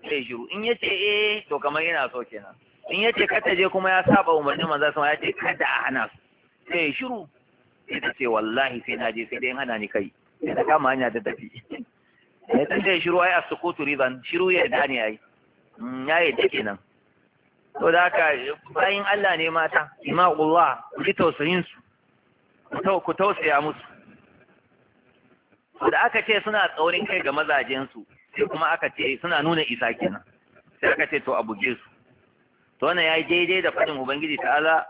sai shiru in yace eh to kamar yana so kenan in ya ce kada je kuma ya saba umarnin manzo sama ya ce kada a hana su sai shiru sai ta ce wallahi sai na je sai dai hana ni kai sai ta kama hanya ta tafi ya tun da shiru ai as-sukutu ridan shiru ya da ne ai mm, ya yi da kenan to da haka bayin Allah ne mata imaqullah ku tausayin su ku tausaya musu da aka ce suna tsaurin kai ga mazajensu sai kuma aka ce suna nuna isa kenan sai aka ce to a buge su to wannan yayi daidai da fadin ubangiji ta'ala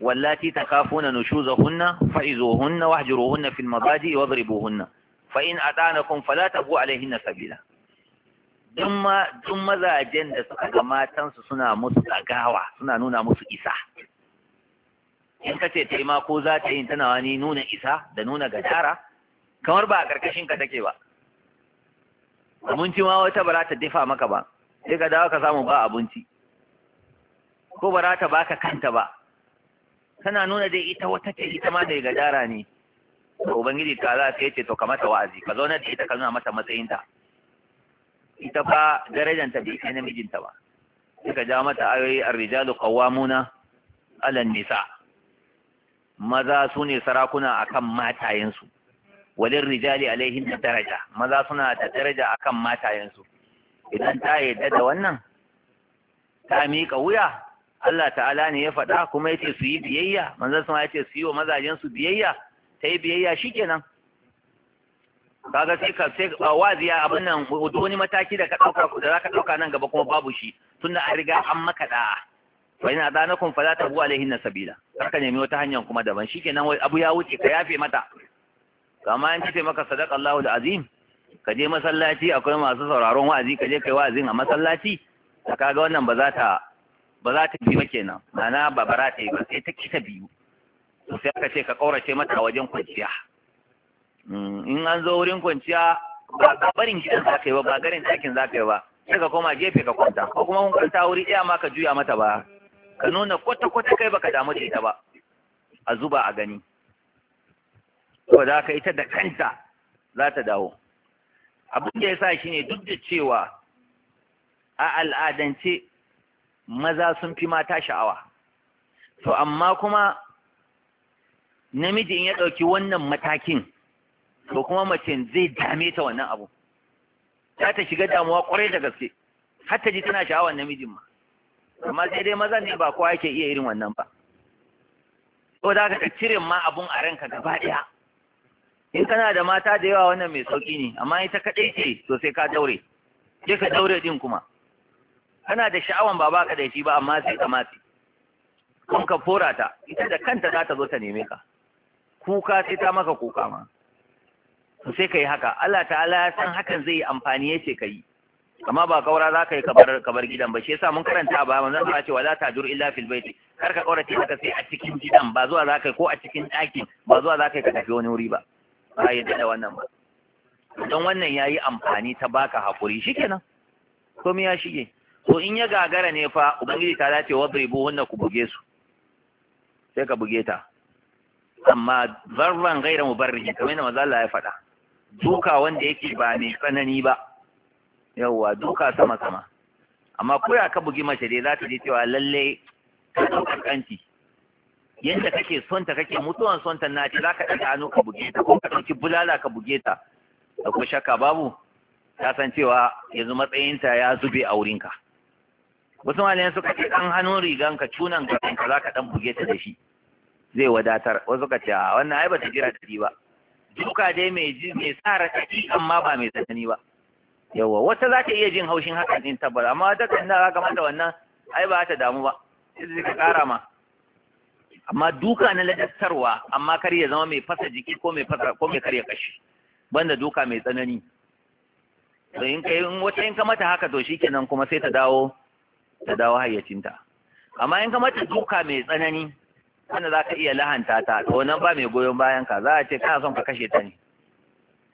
wallati takafuna nushuzahunna fa'izuhunna wahjuruhunna fil mabadi wadribuhunna fa in atanakum fala tabu alaihinna sabila duk mazajen da suka ga matansu suna musu gagawa, suna nuna musu isa in ka ce taima ko za ta yi tana wani nuna isa da nuna gadara kamar ba a ƙarƙashin ka take ba abinci ma wata ba za ta dafa maka ba sai ka dawo ka samu ba abinci ko ba za ta baka kanta ba tana nuna dai ita wata ce ita ma mai gadara ne to ubangiji ta za ka yace to ka mata wa'azi ka zauna da ita ka nuna mata matsayinta ita fa darajanta bai kai namijinta ba suka ja mata ayoyi ar-rijalu qawwamuna ala nisa maza su ne sarakuna akan matayensu walin rijali alaihin da daraja maza suna da daraja akan matayensu idan ta yadda da wannan ta miƙa wuya Allah ta'ala ne ya faɗa kuma yace su yi biyayya manzon sama yace su yi wa mazajen su biyayya ta yi biyayya shikenan kaga sai ka sai ya abin nan wani mataki da ka dauka da zaka dauka nan gaba kuma babu shi tunda an riga an maka da fa ina da nakum ta buwa alaihin sabila haka nemi wata hanyar kuma daban shikenan wai abu ya wuce ka yafe mata kama an ce maka sadaqa Allahu azim ka je masallaci akwai masu sauraron wa'azi ka je kai wa'azin a masallaci ka kaga wannan ba za ta ba za ta kima ba kenan mana ba bara ta yi ba sai ta kita biyu to sai aka ce ka ƙaurace mata wajen kwanciya mm, in an zo wurin kwanciya ba barin gidan za ka yi ba ba garin ɗakin za ka yi ba sai ka koma gefe ka kwanta ko kuma kun kwanta wuri ɗaya ma ka juya mata ba ka nuna kwata-kwata kai baka damu da ita ba a zuba a gani to da ka ita da kanta za ta dawo abin da ya sa shi ne duk da cewa a al'adance maza sun fi mata sha'awa to amma kuma namiji in ya ɗauki wannan matakin to kuma mace zai dame ta wannan abu za ta shiga damuwa kwarai da gaske har ta ji tana sha'awar namijin ma amma sai dai maza ne ba kowa yake iya irin wannan ba So da ka cire ma abun a ranka gaba ɗaya in kana da mata da yawa wannan mai sauƙi ne amma ita kaɗai ce to sai ka daure je ka daure din kuma kana da sha'awan ba baka da ba amma sai ka matsi kun ka fora ta ita da kanta za ta zo ta neme ka kuka sai ta maka kuka ma to sai kai haka Allah ta'ala ya san hakan zai yi amfani yace kai amma ba kaura za ka yi kabar kabar gidan ba shi yasa mun karanta ba manzon Allah ce wala tajur illa fil bait kar ka kaurace haka sai a cikin gidan ba zuwa za ka yi ko a cikin ɗakin ba zuwa za ka yi ka tafi wani wuri ba ba yadda da wannan ba don wannan yayi amfani ta baka hakuri shikenan me ya shige to in ya gagara ne fa ubangiji ta dace wadribu wannan ku buge su sai ka buge ta amma zarban gaira mubarrihi kamar yadda maza Allah ya faɗa duka wanda yake ba mai tsanani ba yawwa duka sama sama amma ko ya ka bugi mace dai za ta je cewa lalle ta ɗaukar kanti yadda kake son ta kake mutuwan son ta na ce za ka ɗaga hannu ka buge ta ko ka ɗauki bulala ka buge ta da kuma shakka babu ta san cewa yanzu matsayinta ya zube a wurinka. wasu malayan suka ce ɗan hannun riganka cunan ka za ka buge ta da shi zai wadatar wasu suka ce a wannan ai bata jira daɗi ba duka dai mai ji mai tsara daɗi amma ba mai tsanani ba yawa wata za ta iya jin haushin haka din tabbar amma wata kan za za mata wannan ai ba ta damu ba sai ka ƙara ma amma duka na ladattarwa amma kar ya zama mai fasa jiki ko mai fasa ko mai karya kashi banda duka mai tsanani to in kai in wata in ka mata haka to shikenan kuma sai ta dawo ta dawo hayyacinta amma in ka mata duka mai tsanani wanda za ka iya lahanta ta to nan ba mai goyon bayan ka za a ce kana son ka kashe ta ne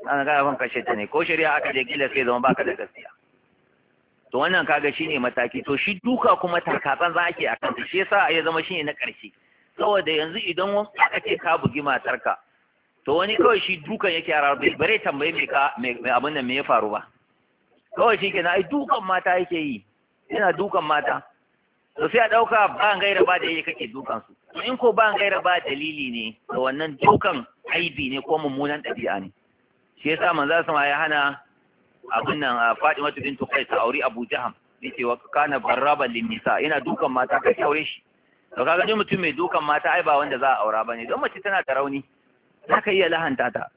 kana kana son kashe ta ne ko shari'a aka je gila sai zama baka da gaskiya to wannan kaga shine mataki to shi duka kuma takatsan za ake akan ta shi yasa ya zama shine na ƙarshe saboda yanzu idan aka ce ka bugi matarka to wani kawai shi dukan yake yara bare tambaye mai me abin nan me ya faru ba kawai shi kenan ai dukan mata yake yi yana dukan mata to sai a ɗauka ba gaira ba dalili kake dukan su in ko ba gaira ba dalili ne da wannan dukan aibi ne ko mummunan ɗabi'a ne shi yasa manzo sama ya hana abin nan a Fatima bintu Qais ta auri Abu Jaham yace wa kana barraban lin nisa yana dukan mata ka aure shi to kaga ni mutum mai dukan mata ai ba wanda za a aura bane don mace tana da rauni za ka iya lahanta ta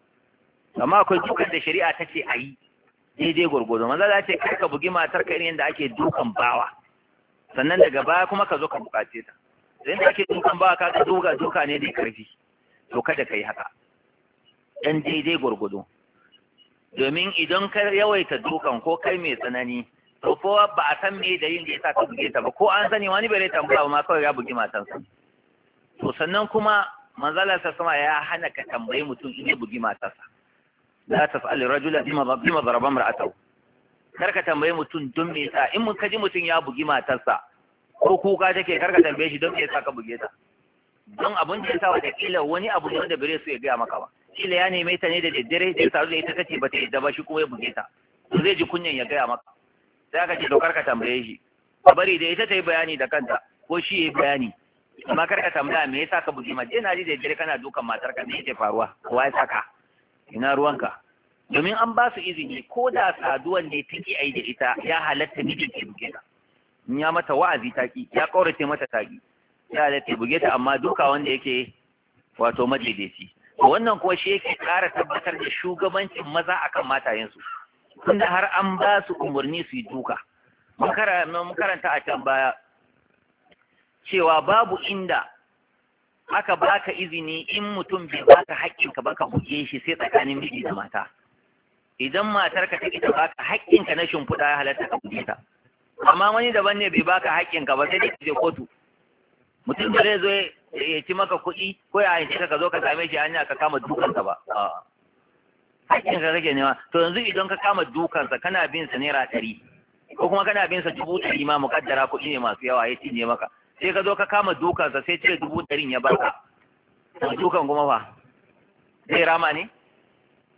amma akwai dukan da shari'a ta ce a yi daidai gwargwado maza za ce kar ka bugi matar ka yadda ake dukan bawa sannan daga baya kuma ka zo ka bukace ta Yadda ake dukan bawa ka duka duka ne da karfi to kada ka yi haka dan daidai gwargwado domin idan ka yawaita dukan ko kai mai tsanani to ko ba a san me da yin da yasa ka buge ta ba ko an sani wani bai tambaya ba ma kawai ya bugi matansa to sannan kuma manzala sa sama ya hana ka tambayi mutum in ya bugi matarsa la taf'al rajula bima bima daraba mar'atahu karka tambaye mutum don me yasa in mun kaji mutum ya bugi matarsa ko kuka take karka tambaye shi don me yasa ka buge ta don abun da yasa wata kila wani abu ne wanda bare su ya gaya maka ba kila ya neme ta ne da daddare da ya taru da ita tace ba ta yadda ba shi kuma ya buge ta to zai ji kunyan ya gaya maka sai ka ce to karka tambaye shi ka bari da ita ta yi bayani da kanta ko shi ya yi bayani amma karka tambaya me yasa ka bugi mace na ji da daddare kana dukan matarka me yake faruwa kowa ya saka ina ruwanka domin an ba su izini ko da saduwan ne take ai da ita ya halatta miji ke buge ta in ya mata wa'azi ki ya kaurace mata ki ya halatta buge ta amma duka wanda yake wato madaidaici to wannan kuwa shi yake ƙara tabbatar da shugabancin maza akan matayensu tunda har an ba su umarni su yi duka mun karanta a can baya cewa babu inda aka baka izini in mutum bai baka haƙƙinka ba ka buge shi sai tsakanin miji da mata idan matarka ta ki ta baka haƙƙinka na shimfiɗa ya halatta ka buge ta amma wani daban ne bai baka haƙƙinka ba sai dai kaje je kotu mutum da zai zo ya ci maka kuɗi ko ya hanci ka zo ka same shi hanya ka kama dukansa ba haƙƙinka kake nema to yanzu idan ka kama dukansa kana bin sa naira ɗari ko kuma kana bin sa dubu ɗari ma muƙaddara kuɗi ne masu yawa ya cinye maka sai ka zo ka kama dukansa sai cire dubu ɗarin ya baka dukan kuma fa zai rama ne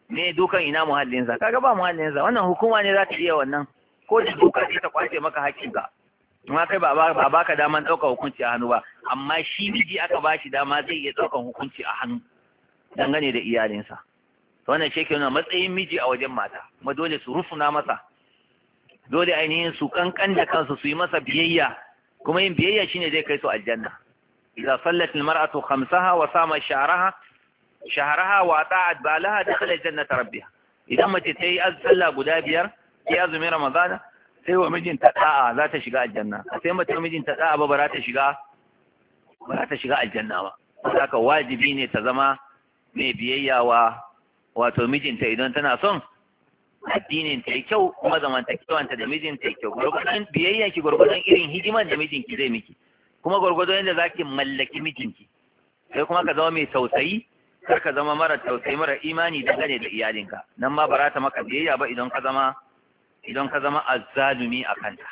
Ne dukan ina muhallinsa kaga ba muhallinsa wannan hukuma ne za ta iya wannan ko da duka ce ta kwace maka hakkinka amma kai ba ba baka daman ɗaukan hukunci a hannu ba amma shi miji aka bashi dama zai iya ɗaukan hukunci a hannu dangane da iyalinsa to wannan shi ke nuna matsayin miji a wajen mata kuma dole su rufuna masa dole ainihin su kankan da kansu su yi masa biyayya kuma yin biyayya shine zai kai su aljanna idza sallat almar'atu khamsaha wa sama sha'raha shaharaha wa ta'at balaha dakhala jannata rabbiha idan mace ta yi sallah guda biyar sai azumin ramadana sai wa mijinta ɗa'a za ta shiga aljanna sai mace wa mijinta ɗa'a ba ba ta shiga ba za ta shiga aljanna ba haka wajibi ne ta zama mai biyayya wa wato mijinta idan tana son addinin ta yi kyau kuma zamantakewanta da mijinta yi kyau gwargwadon biyayya ki gwargwadon irin hidiman da mijinki zai miki kuma gwargwadon yadda ki mallaki mijinki sai kuma ka zama mai tausayi kar ka zama mara tausayi mara imani dangane da iyalinka nan ma ba ta maka biyayya ba idan ka zama idan ka zama azzalumi a kanta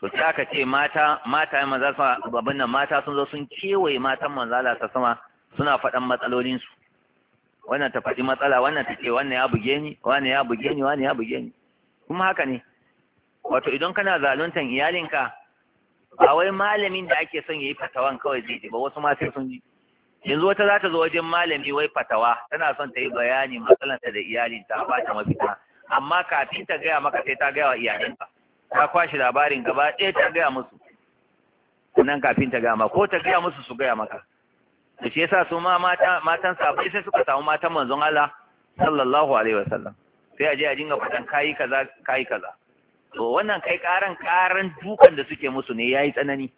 to sai aka ce mata mata maza sama babban nan mata sun zo sun kewaye matan manzala ta sama suna faɗan matsalolinsu wannan ta faɗi matsala wannan ta ce wannan ya buge ni wannan ya buge ni wannan ya buge ni kuma haka ne wato idan kana zaluntan iyalinka ba wai malamin da ake son yayi fatawan kawai zai ba wasu ma sai sun ji yanzu wata za ta zo wajen malami wai fatawa tana son ta yi bayani matsalanta da iyalinta ba ta mafita amma kafin ta gaya maka sai ta gaya wa iyalinka ta kwashe labarin gaba ɗaya ta gaya musu nan kafin ta gaya maka ko ta gaya musu su gaya maka da shi yasa su ma matan sabai sai suka samu matan manzon Allah sallallahu alaihi wasallam sai a je a dinga faɗan kayi kaza kayi kaza to wannan kai karan karan dukan da suke musu ne yayi tsanani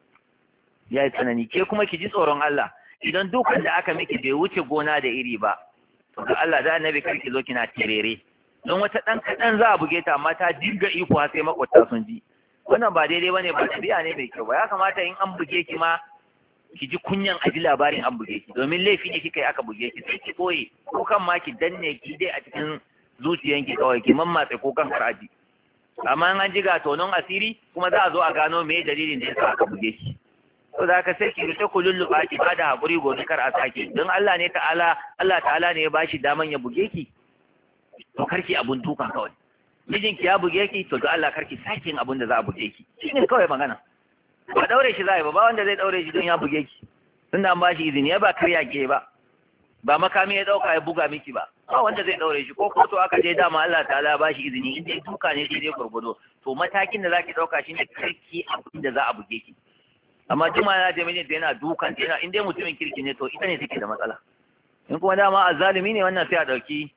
yayi tsanani ke kuma ki ji tsoron Allah idan dukan da aka miki bai wuce gona da iri ba to ga Allah da annabi ki zo kina tirere don wata dan kadan za a buge ta amma ta dinga iko har sai makwata sun ji wannan ba daidai bane ba tabiya ne mai kyau ya kamata in an buge ki ma ki ji kunyan a ji labarin an buge ki domin laifi ne kika yi aka buge ki sai ki koyi ko kan ma ki danne ki dai a cikin zuciyanki kawai ki mammatse ko kan karaji amma an ji ga tonon asiri kuma za a zo a gano me dalilin da yasa aka buge ki. to za ka sai ki ta ku lulluɓa ki ba da haƙuri gobe kar a sake don Allah ne ta'ala Allah ta'ala ne ya bashi daman ya buge ki to karki abun duka kawai mijinki ya buge ki to don Allah karki sakin abun da za a buge ki shine kawai magana ba daure shi zai ba ba wanda zai daure shi don ya buge ki tun da an bashi izini ya ba karya ke ba ba makami ya dauka ya buga miki ba ba wanda zai daure shi ko kotu aka je dama Allah ta'ala ba shi izini in dai duka ne sai dai gurgudo to matakin da zaki dauka shine karki abin da za a buge ki amma juma yana da da yana dukan yana in dai mutumin kirki ne to ita ne take da matsala in kuma dama a zalimi ne wannan sai a dauki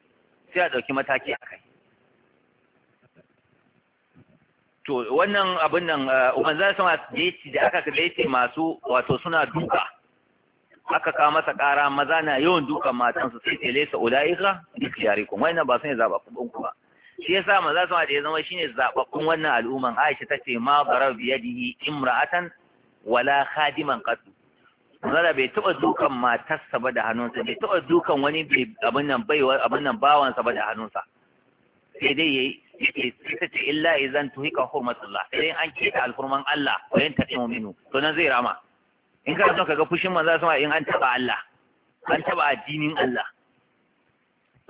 sai a dauki mataki akai to wannan abin nan eh, zai sama da yace da aka da yace masu wato suna duka aka kawo masa kara maza na yawan dukan matansu sai ce laysa ulaika bi kuma wannan ba sun zaba ku ba shi yasa maza sama da ya zama shine kun wannan al'umman Aisha tace ma barab yadihi imra'atan wala khadiman qatu zara bai taba dukan matarsa ba da hannunsa bai taba dukan wani abin nan baiwa abin nan bawansa ba da hannunsa sai dai yayi sai ita ce illa idan tuhika hurmatullah sai an kita alhurman Allah wa ta mu'minu to nan zai rama in ka so kaga fushin manzo sama in an taba Allah an taba addinin Allah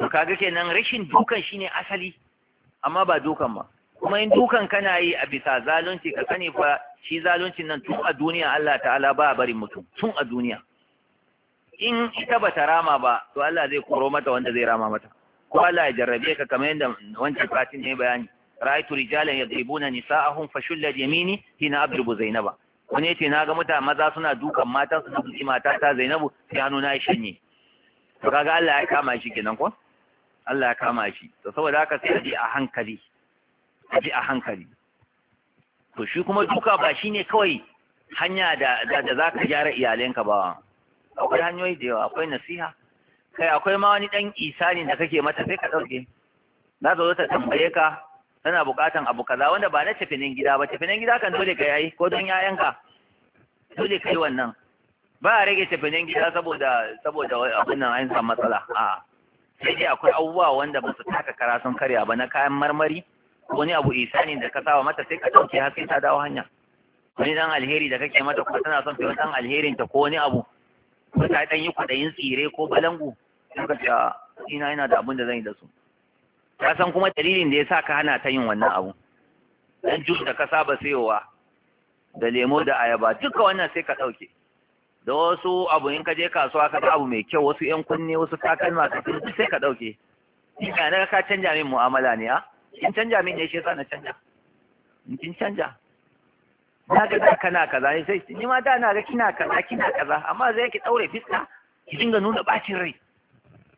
to kaga kenan rashin dukan shine asali amma ba dukan ba kuma in dukan kana yi a bisa zalunci ka sani fa shi zaluncin nan tun a duniya Allah ta'ala ba a barin mutum tun a duniya in ita ba ta rama ba to Allah zai koro mata wanda zai rama mata ko Allah ya jarrabe ka kamar yadda wancan satin ne bayani ra'aytu rijalan yadribuna nisa'ahum fashullat yamini hina adribu zainaba wani yace na ga mutane maza suna dukan mata su duki mata ta Zainabu sai hannu na ya shanye to kaga Allah ya kama shi kenan ko Allah ya kama shi to saboda haka sai a a hankali a a hankali to shi kuma duka ba shi ne kawai hanya da da za ka gyara iyalanka ba akwai hanyoyi da yawa akwai nasiha kai akwai ma wani dan isani da kake mata sai ka dauke na zo ta tambaye ka tana bukatan abu kaza wanda ba na tafinin gida ba tafinin gida kan dole ka yayi ko don yayanka dole kai wannan ba a rage tafinin gida saboda saboda abin nan an samu matsala a sai dai akwai abubuwa wanda ba su taka kara karya ba na kayan marmari wani abu isani da ka sawa mata sai ka ɗauke har sai ta dawo hanya wani dan alheri da kake mata kuma tana son fiye dan alherin ta ko wani abu ko ta dan yi kwaɗayin tsire ko balangu sai ka ce ah, ina ina da abin da zan yi da su ka san kuma dalilin da ya sa ka hana ta yin wannan abu dan jus da ka saba sayowa da lemo da ayaba duka wannan sai ka ɗauke da wasu abu in ka je kasuwa ka abu mai kyau wasu yan kunne wasu takalma sai ka ɗauke ina ka canja min mu'amala ne a ah. kin canja min ne shi yasa na canja in kin canja na ga da kana kaza ne eh, sai ni ma da na ga kina kaza kina kaza amma zai ki daure fiska ki dinga nuna bacin rai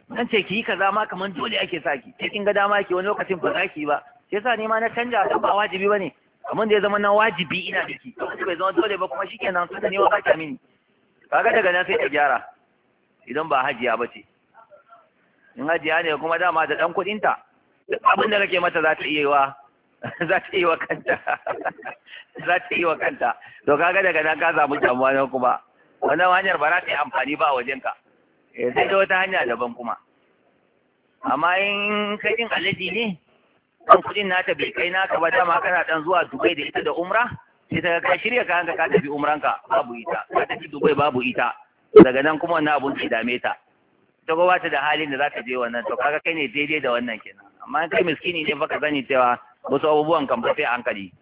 nan ce ki yi kaza ma kamar dole ake saki sai kin ga dama ki wani lokacin ba za ki ba shi yasa ni ma na canja don ba wajibi bane kamar da ya zama na wajibi ina biki wanda bai zama dole ba kuma shikenan sun ne wa ta mini kaga daga nan sai ta gyara idan ba hajiya ba ce in hajiya ne kuma dama da dan kudin ta duk abin da nake mata za ta iya wa za ta iya wa kanta za ta iya wa kanta to kaga daga nan ka samu damuwa nan kuma wannan hanyar ba za ta yi amfani ba a wajenka eh, sai ta wata hanya daban kuma amma in kai din alaji ne dan kudin nata bai kai naka ba dama kana dan zuwa Dubai da ita da Umra sai ta ka shirya ka hanka ka tafi umranka babu ita ka tafi Dubai babu ita daga nan kuma wannan abun ke dame ta ta ba ta da halin da za ta je wannan to kaga kai ne daidai da wannan kenan amma kai miskini ne fa ka sani cewa wasu abubuwan kan fa sai hankali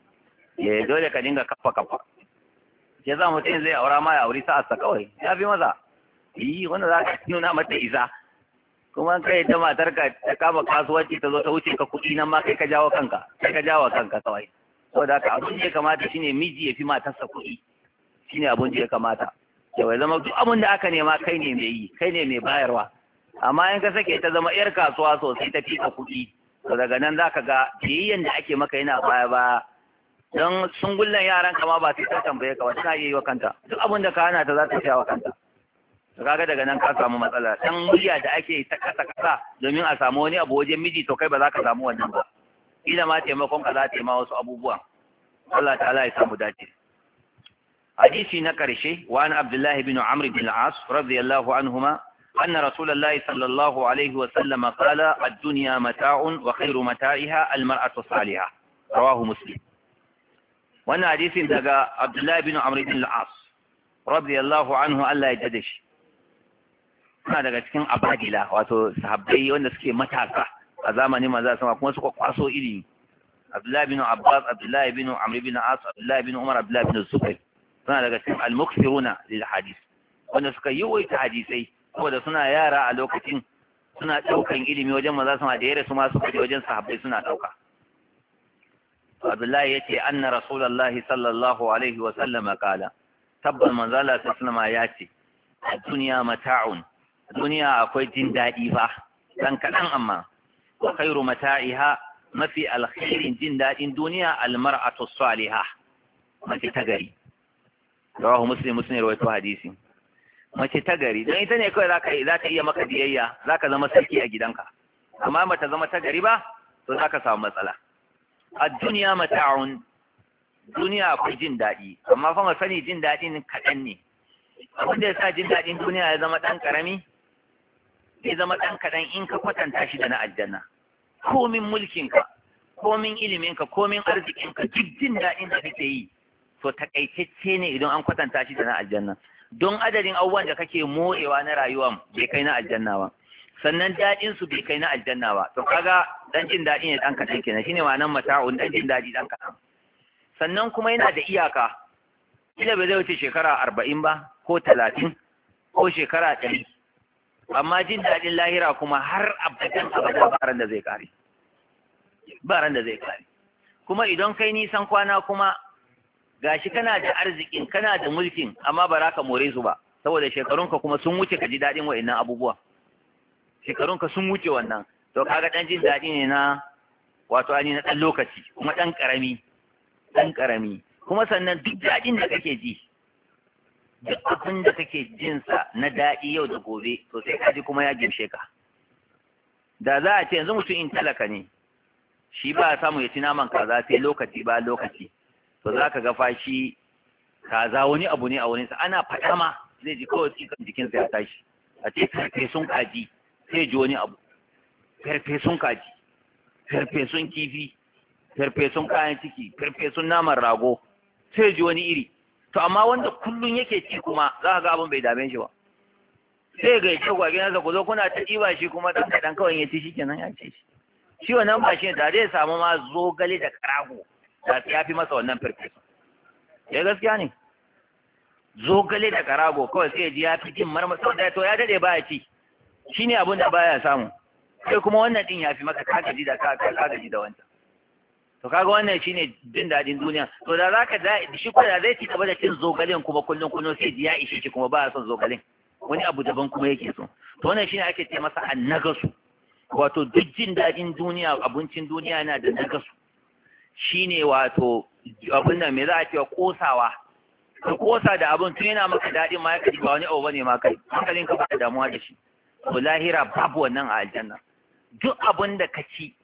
ya eh, dole ka dinga kafa kafa ya za mutum zai aura ma ya auri sa-sa kawai ya fi maza yi wanda za ka nuna mata isa kuma kai ta matar ka ta kama kasuwanci ta zo ta wuce ka kuɗi nan ma kai ka jawo kanka kai ka jawo kanka kawai saboda da, abin da ya kamata shine miji ya fi matarsa kuɗi shine abin da ya kamata yau ya zama duk abin da aka nema kai ne mai yi kai ne mai bayarwa amma in ka sake ta zama yar kasuwa sosai ta fika kuɗi to daga nan za ka ga biyayyen da ake maka yana baya ba don gullan yaran kama ba sai ta tambaye ka ba tana iya yi wa kanta duk abin da ka hana ta za ta sha wa kanta to kaga daga nan ka samu matsala dan murya da ake ta kasa kasa domin a samu wani abu wajen miji to kai ba za ka samu wannan ba ila ma taimakon ka za ta ma wasu abubuwan Allah ta'ala ya samu dace hadisi na karshe wa an abdullahi bin amr bin al-as radiyallahu anhuma أن رسول الله صلى الله عليه وسلم قال الدنيا متاع وخير متاعها المرأة الصالحة رواه مسلم وأن حديث دقى عبد الله بن عمرو بن العاص رضي الله عنه ألا يجدش suna daga cikin abadila wato sahabbai wanda suke matasa a zamanin maza kuma suka kwaso ilimi Abdullahi bin Abbas Abdullahi bin Amr bin As Abdullahi bin Umar Abdullahi bin Zubair suna daga cikin al-mukthiruna lil hadith wanda suka yawaita hadisai saboda suna yara a lokacin suna ɗaukan ilimi wajen maza sama da yare su ma suka je wajen sahabbai suna ɗauka Abdullahi ya ce an anna rasulullahi sallallahu alaihi wa sallama kala tabbas manzo Allah sallama ya ce a duniya mata'un duniya akwai jin daɗi fa dan kaɗan amma wa khairu mata'iha mafi alkhairin jin daɗin duniya almar'atu salihah mace ta gari rawahu muslim muslim rawaito hadisi mace ta gari don ita ne kawai za zaka iya maka biyayya zaka zama sarki a gidanka amma mata zama ta gari ba to za samu matsala a duniya mata'un duniya akwai jin daɗi amma fa sani jin daɗin kaɗan ne abin da ya sa jin daɗin duniya ya zama ɗan ƙarami ya zama ɗan kaɗan in ka kwatanta shi da na aljanna komin mulkinka komin iliminka komin arzikinka duk jin daɗin da kake yi to takaitacce ne idan an kwatanta shi da na aljanna don adadin abubuwan da kake morewa na rayuwan bai kai na aljanna ba sannan daɗin su bai kai na aljanna ba to kaga dan jin daɗi ne dan kaɗan kenan shine wannan mata'un dan jin daɗi dan kaɗan sannan kuma yana da iyaka kila bai zai wuce shekara arba'in ba ko talatin ko shekara ɗari amma jin daɗin lahira kuma har abadan abada ba ran da zai kare ba ran da zai kare kuma idan kai nisan kwana kuma gashi kana da arzikin kana da mulkin amma ba za ka more su ba saboda shekarunka kuma sun wuce ka ji daɗin wa'annan abubuwa shekarunka sun wuce wannan to kaga ɗan jin daɗi ne na wato ani na ɗan lokaci kuma ɗan ƙarami ɗan ƙarami kuma sannan duk daɗin da kake ji duk abin da kake jinsa na daɗi yau da gobe to sai ka ji kuma ya gimshe ka da za a ce yanzu mutum in talaka ne shi ba samu ya ci naman kaza sai lokaci ba lokaci to za ka ga fashi kaza wani abu ne a wani sa ana faɗa ma zai ji kawai jikin sa ya tashi a ce karfesun kaji sai ji wani abu karfesun kaji karfesun kifi karfesun kayan ciki karfesun naman rago sai ji wani iri to amma wanda kullum yake ci kuma za ka ga abin bai dame shi ba sai ga ce kwa ku zo kuna ta ɗiba shi kuma ɗan kaɗan kawai ya ci shi kenan ya ce shi shi wannan ba shi da zai samu ma zogale da karago da ya fi masa wannan farfesu ya eh, gaskiya ne zogale da karago kawai sai ji ya fi jin wanda ya to ya dade baya ci ne abin da baya samu sai kuma wannan din ya fi maka ka ji da kaka kaka ji da wanta to kaga wannan shine jin dadin duniya to da zaka da shi ko da zai ci gaba da cin zogalen kuma kullun kullun sai ji ya ishe shi kuma baya son zogalen wani abu daban kuma yake so to wannan ne ake ce masa annagasu wato duk jin dadin duniya abincin duniya yana da nagasu Shi ne wato abin nan me za a cewa kosawa ka kosa da abin tun yana maka daɗin ma ya ba wani abu bane ma kai hankalin ka ba damuwa da shi to lahira babu wannan a aljanna duk abin da ka ci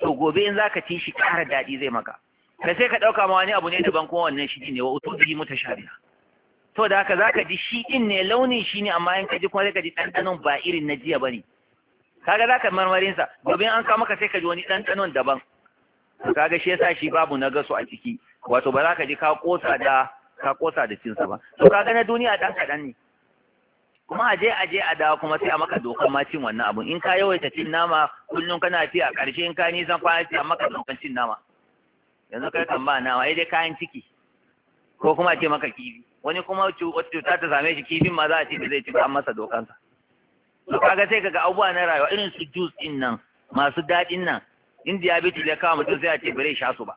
to gobe in zaka ci shi ƙara daɗi zai maka kai sai ka ɗauka ma wani abu ne daban kuma wannan shi ne wa utubi mutashabiha to da haka zaka ji shi din ne launin shi ne amma in ka ji kuma zai ka ji ɗanɗanon ba irin na jiya bane kaga zaka marmarin sa gobe an kawo maka sai ka ji wani ɗanɗanon daban to kaga shi yasa shi babu gasu a ciki wato ba za ka ji ka kosa da ka kosa da cinsa ba to kaga na duniya dan kaɗan ne kuma aje aje a dawo kuma sai a maka dokan ma cin wannan abun in ka yawaita cin nama kullun kana fi a ƙarshe in ka nisan kwana sai a maka dokan cin nama yanzu kai kan ba nama ai dai kayan ciki ko kuma a ce maka kifi wani kuma cuta ta same shi kifin ma za a ce da zai ci an masa dokansa to kaga sai kaga abubuwa na rayuwa irin su juice din nan masu daɗin nan in diabetes ya kama mutum sai a ce bare sha su ba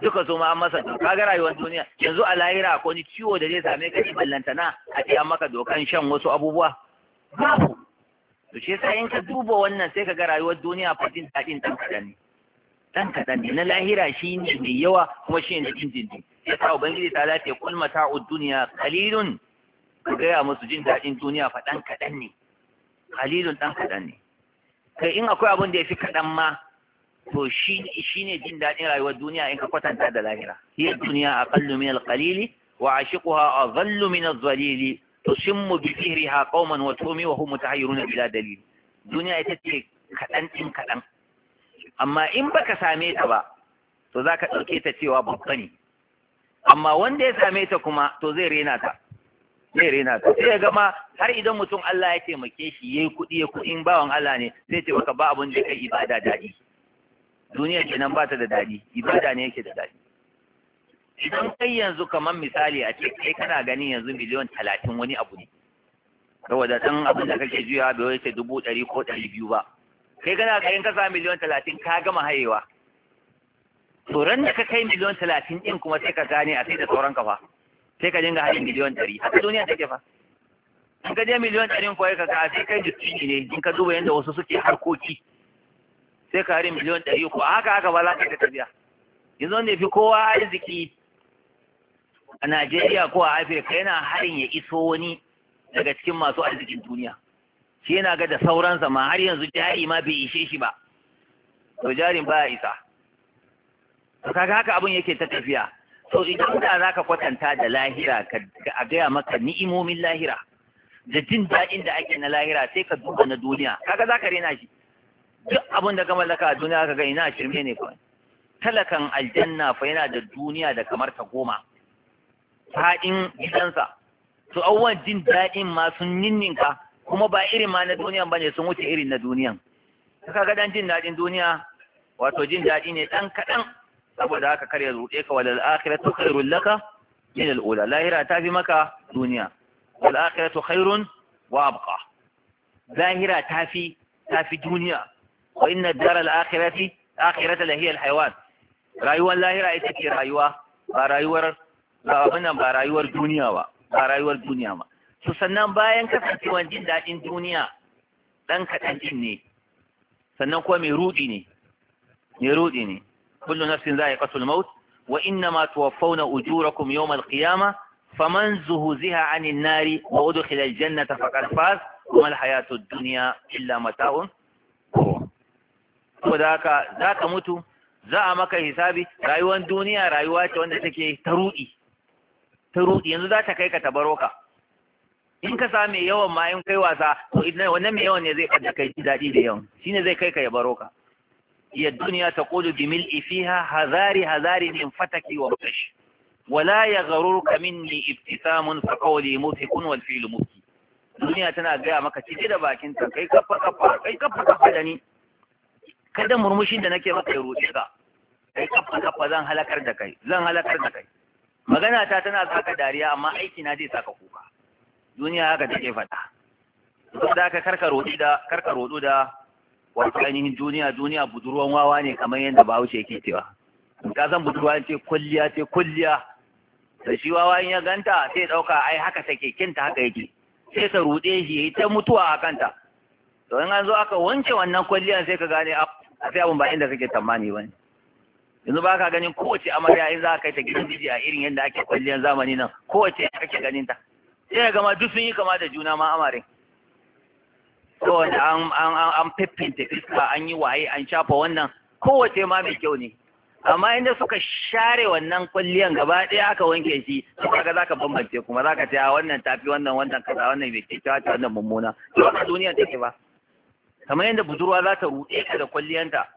duka su ma an masa to kaga rayuwar duniya yanzu a lahira ko ni ciwo da zai same ka ballantana a ce an maka dokan shan wasu abubuwa babu to shi yasa in ka duba wannan sai ka ga rayuwar duniya fa jin daɗin ɗan kaɗan ne ɗan kaɗan ne na lahira shi ne mai yawa kuma shi ne jin jin ya sa ubangiji ta lafiya kul mata'ud duniya qalilun ka gaya musu jin daɗin duniya fa ɗan kaɗan ne qalilun ɗan kaɗan ne kai in akwai abin da ya fi kaɗan ma to shi ne jin daɗin rayuwar duniya in ka kwatanta da lahira hiya duniya aqallu min al-qalili wa ashiquha adhallu min To sun tusimmu bi dhihriha qauman wa tumi wa hum mutahayyiruna bila dalil duniya ita ce kaɗan ɗin kaɗan amma in baka same ta ba to za ka ɗauke ta cewa babba ne amma wanda ya same ta kuma to zai rena ta zai rena ta sai ya gama har idan mutum Allah ya taimake shi yayi kuɗi ya kuɗin bawan Allah ne zai ce baka ba abin da kai ibada daɗi duniya kenan ba ta da daɗi ibada ne yake da daɗi idan kai yanzu kamar misali a ce kai kana ganin yanzu miliyon talatin wani abu ne saboda san abin da kake juyawa bai sai dubu ɗari ko ɗari biyu ba kai kana ga in ka sa miliyon talatin ka gama hayewa to ran da ka kai miliyon talatin ɗin kuma sai ka gane a sai da sauran kafa sai ka dinga hayin miliyon ɗari haka duniya take fa in ka je miliyon ɗarin kuwa ka ga sai kai miskini ne in ka duba yadda wasu suke harkoki sai ka hari miliyon ɗari uku a haka haka ba za ka tafiya yanzu ne fi kowa arziki a Najeriya ko a Afirka yana harin ya iso wani daga cikin masu arzikin duniya shi yana ga da sauransa ma har yanzu jari ma bai ishe shi ba to jarin ba ya isa to kaga haka abun yake ta tafiya to idan da zaka kwatanta da lahira ka a gaya maka ni'imomin lahira da jin daɗin da ake na lahira sai ka duba na duniya kaga zaka rena shi duk abin da ka mallaka a duniya ka ga ina shirme ne kawai talakan aljanna fa yana da duniya da kamar ta goma fa'in gidansa to abubuwan jin daɗin ma sun ninninka kuma ba irin ma na duniyan ba ne sun wuce irin na duniyan ka ga dan jin daɗin duniya wato jin daɗi ne dan kaɗan saboda haka kar ya ruɗe ka walal akhiratu khairul laka min al ula lahira ta fi maka duniya wal akhiratu khairun wa abqa lahira ta fi ta fi duniya wa inna dar al-akhirati akhirata la hiya al rayuwar lahira ita ce rayuwa ba rayuwar ba abin rayuwar duniya ba ba rayuwar duniya ba sannan bayan kasancewar jin daɗin duniya ɗan kaɗan jin ne sannan kuma mai ruɗi ne mai ruɗi ne kullu nafsin za a wa inna ma tuwaffawna ujurakum yawmal qiyama faman zuhuziha anin nari wa udkhila aljannata faqad wa mal hayatud illa mata'un saboda haka za ka mutu za a maka hisabi rayuwar duniya rayuwa ce wanda take ta ruɗi ta ruɗi yanzu za ta kai ka tabaro ka in ka sa mai yawan ma in kai wasa to wannan mai yawan ne zai fadda kai ji daɗi da yawan shine zai kai ka ya baro ka ya duniya ta kudu bi ifi ha, hazari hazari min fataki wa mutash wala ya gharuruka minni ibtisamun fa qawli mutikun wal fi'lu muki duniya tana gaya maka cike da bakin ta kai kafa kafa kai kafa kafa da ni kada murmushin da nake maka ya ruɗe ka kai kafa kafa zan halakar da kai zan halakar da kai magana ta tana saka dariya amma aiki na zai saka kuka duniya haka take faɗa da ka karka roɗi da karka roɗo da wato ainihin duniya duniya budurwan wawa ne kamar yadda Bahaushe yake cewa ka san budurwa ce kulliya ce kulliya da shi wawa in ya ganta sai ɗauka ai haka take kinta haka yake sai ta ruɗe shi ya yi ta mutuwa a kanta to in an zo aka wanke wannan kwalliyar sai ka gane ah, a sai abun ba inda kake tamani ba yanzu ba ka ganin kowace amarya in za a kai ta gidan biji a irin yadda ake kwalliyar zamani nan kowace kake ganin ta sai ga gama duk sun yi kama da juna ma amarin to an an an fiska an yi waye an shafa wannan kowace ma mai kyau ne amma inda suka share wannan kwalliyar gaba ɗaya aka wanke shi to kaga zaka bambance kuma zaka ce wannan tafi wannan wannan kaza wannan bai ce ta wannan mummuna to ba duniya take ba kamar yadda budurwa za ta ruɗe ka da kwalliyanta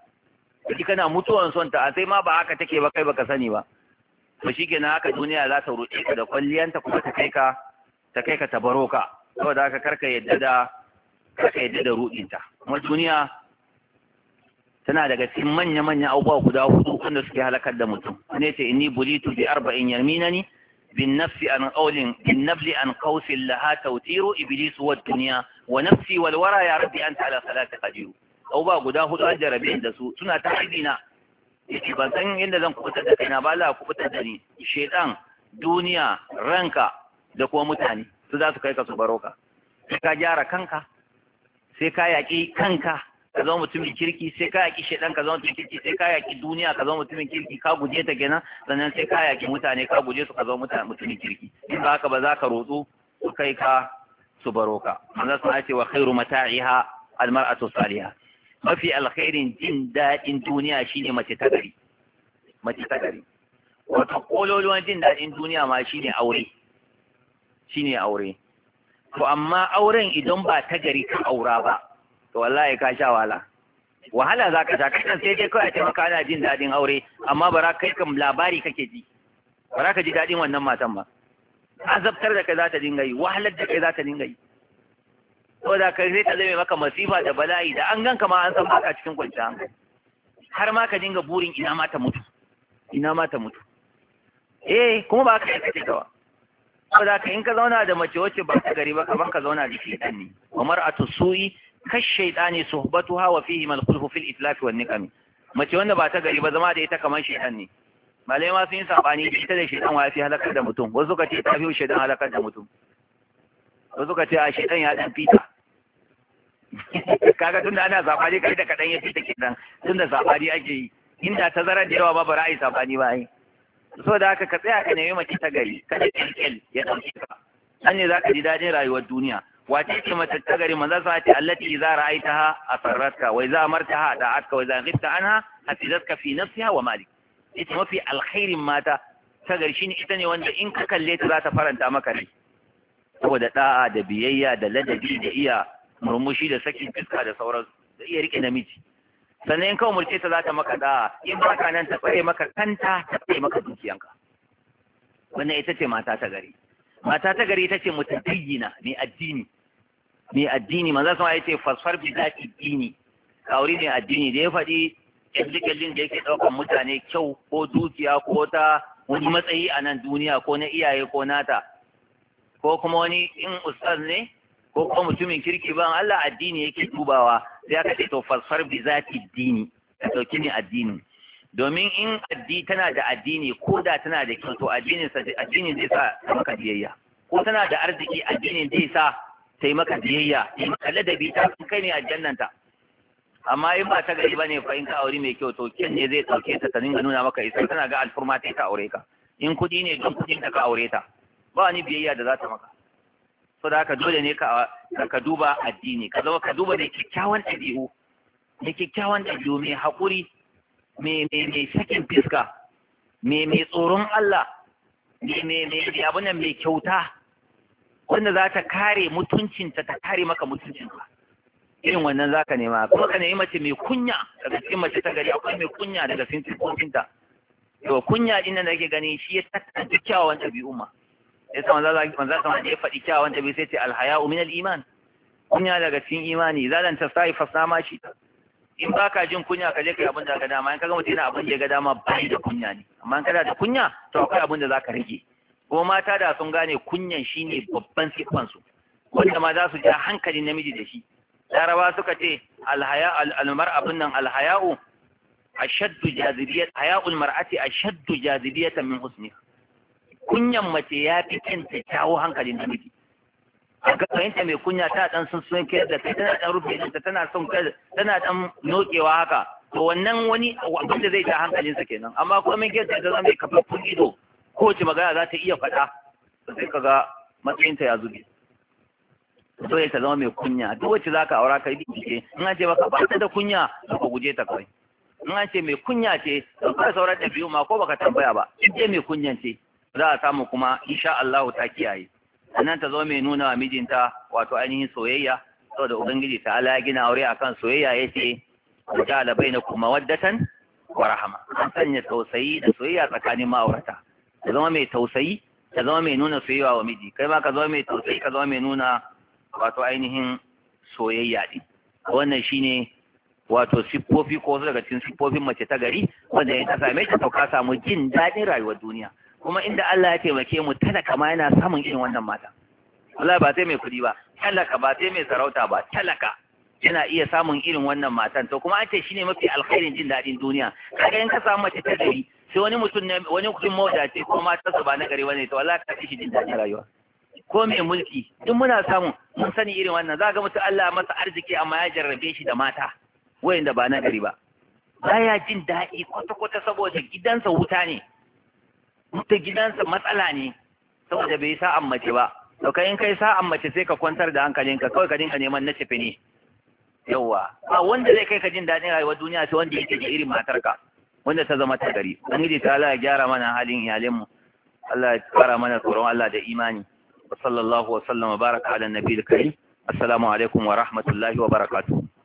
kaji kana mutuwan son ta sai ma ba haka take ba kai baka sani ba to shikenan haka duniya za ta ruɗe ka da kwalliyanta kuma ta kai ka ta kai ka ta baro ka saboda haka karka yadda da karka yadda da ruɗinta kuma duniya tana daga cikin manya-manya abubuwa guda hudu wanda suke halakar da mutum ne ce inni bulitu bi arba'in yarminani بالنفس عن قول بالنبل عن قوس لها توتير إبليس والدنيا ونفسي والورى يا ربي أنت على ثلاثة قدير أو با قدا هدو أجر بين دسو سنة تحدينا yake ban san yadda zan kubutar da kaina ba Allah kubutar da ni shedan duniya ranka da kuma mutane su za kai ka baro ka sai ka gyara kanka sai ka yaƙi kanka ka zama mutumin kirki sai ka yaki shedan ka zama mutumin kirki sai ka yaki duniya ka zama mutumin kirki ka guje ta kenan sannan sai ka yaki mutane ka guje su ka zama mutane mutumin kirki in ba haka ba za ka rotsu su kai ka su baro ka manzo sun ce wa khairu mata'iha almar'atu salihah mafi alkhairin jin daɗin duniya shine mace ta gari mace ta gari wato kololuwan jin daɗin duniya ma shine aure shine aure to amma auren idan ba ta gari ka aura ba to wallahi ka sha wahala wahala za ka sha kasan sai dai kawai a taimaka ana jin daɗin aure amma ba za kai kam labari kake ji ba za ka ji daɗin wannan matan ba azabtar da kai za ta dinga yi wahalar da kai za ta dinga yi to da kai sai ta zame maka masifa da bala'i da an ganka ma an san baka cikin kwanciya hankali har ma ka dinga burin ina ma ta mutu ina ma ta mutu eh kuma ba ka yi kake ba to da kai in ka zauna da mace wacce ba ka gari ba ka ban ka zauna da shi ne kamar tusuyi kashaitani suhbatuha wa fihi mal fil itlaf wal niqami mace wanda ba ta gari ba zama da ita kamar shaitan ne malai ma sun sabani da ita da shaitan wa fi halaka da mutum wasu kace ta fi shaitan halaka da mutum wasu kace a shaitan ya dan fita kaga tunda ana sabani kai da kadan ya fita kidan tunda sabani ake yi inda zarar da yawa ba ba ra'ayi sabani ba ai so da haka ka tsaya ka nemi mace ta gari kada kilkel ya dauke ka anne ne ka ji dadin rayuwar duniya wace ce mace ta gari manzo sa ce allati idza ra'aitaha asarratka marta idza amartaha da'atka wa idza ghibta anha hafizatka fi nafsiha wa malik ita mafi alkhairin mata ta gari shine ita ne wanda in ka kalle ta za ta faranta maka rai saboda da'a da biyayya da ladabi da iya murmushi da saki, fiska da sauran da iya rike namiji sannan in ka umurce ta za ta maka da'a in ba ka nan ta tsare maka kanta ta tsare maka dukiyanka wannan ita ce mata ta gari mata ta gari ita ce mutaddiyina mai addini mai addini manzo sama ce fasfar bi ki dini wuri mai addini da ya faɗi kyalli da yake ɗaukan mutane kyau ko dukiya ko ta wani matsayi a nan duniya ko na iyaye ko nata ko kuma wani in ustaz ne ko kuma mutumin kirki ban Allah addini yake dubawa sai aka ce to fasfar bi ki dini ka ɗauki ne addini domin in addi tana da addini ko da tana da kyau to addinin zai sa maka biyayya ko tana da arziki addinin zai sa sai maka biyayya in maka ladabi ta kai ne aljannanta amma in ba ta gari bane fa in ka aure mai kyau to kin ne zai dauke ta ta dinga nuna maka isa tana ga alfurma ta ta aure ka in kudi ne don kudin ka aure ta ba ni biyayya da za ta maka so da haka dole ne ka ka duba addini ka zama ka duba da kyakkyawan ɗabi'u mai kyakkyawan ɗabi'u mai haƙuri mai mai mai sakin fiska mai mai tsoron Allah mai mai mai abin nan mai kyauta wanda za ta kare mutuncinta ta kare maka mutuncinka irin wannan za ka nema kuma ka nemi mace mai kunya daga cikin mace ta gari akwai mai kunya daga cikin sintifofinta to kunya din nan da kake gani shi ya tattance kyawawan ɗabi'u ma ya sa manzo manzo sama ya faɗi kyawawan ɗabi'u sai ce alhaya'u min al-iman kunya daga cikin imani zalan ta sai fasama shi in baka jin kunya ka je kai abin da ka dama in ga mutum yana abin da ya ga dama bai da kunya ne amma in kana da kunya to akwai abin da ka rage kuma mata da sun gane kunyan shine babban siffansu wanda ma za su ja hankalin namiji da shi laraba suka ce almar abin nan alhaya'u shaddu jaziriyar haya'ul mar'ati ashaddu ta min husni kunyan mace ya fi kanta kyawo hankalin namiji a kayanta mai kunya ta dan sun sun kyar da kai tana dan rufe ta tana son kai tana dan nokewa haka to wannan wani abin da zai hankalin hankalinsa kenan amma kuma min gaskiya ta zama mai kafaffun ido Ko wace magana za ta iya faɗa sai ka ga matsayinta ya zube dole ta zama mai kunya duk wacce za ka aura kai ce in an ce baka ba ta da kunya to ka guje ta kawai in an ce mai kunya ce to ka saurar da biyu ma ko baka tambaya ba in ce mai kunya ce za a samu kuma insha Allah ta kiyaye sannan ta zama mai nuna wa mijinta wato ainihin soyayya saboda ubangiji ta ala ya gina aure akan soyayya yace ku ja'ala bainakum mawaddatan wa rahama an sanya tausayi da soyayya tsakanin ma'aurata Ka zama mai tausayi ta zama mai nuna soyayya wa miji kai ma ka zama mai tausayi ka zama mai nuna wato ainihin soyayya ne. wannan shine wato siffofi ko wasu daga cikin siffofin mace ta gari wanda ya tasa mai ta sauka samu jin daɗin rayuwar duniya kuma inda Allah ya taimake mu talaka ma yana samun irin wannan mata Allah ba sai mai kuɗi ba talaka ba sai mai sarauta ba talaka yana iya samun irin wannan matan to kuma an ce shine mafi alkhairin jin daɗin duniya kaga in ka samu mace ta gari sai wani mutum ne wani kudin mota ce ko matarsa ba na gari wani to wallahi ta shi jin daɗin rayuwa ko mai mulki duk muna samu mun sani irin wannan za ga mutum Allah masa arziki amma ya jarrabe shi da mata da ba na gari ba baya jin daɗi kwata-kwata saboda gidansa wuta ne ta gidansa matsala ne saboda bai sa'an mace ba to kai in kai sa'an mace sai ka kwantar da hankalinka kawai ka dinka neman na tafi ne yawa a wanda zai kai ka jin daɗin rayuwar duniya sai wanda yake da irin matarka wanda ta zama ta gari yi ta Allah ya gyara mana halin iyalanmu Allah ya fara mana tsoron Allah da imani wa sallallahu wa sallama baraka ala nabiyil karim assalamu alaikum wa rahmatullahi wa barakatuh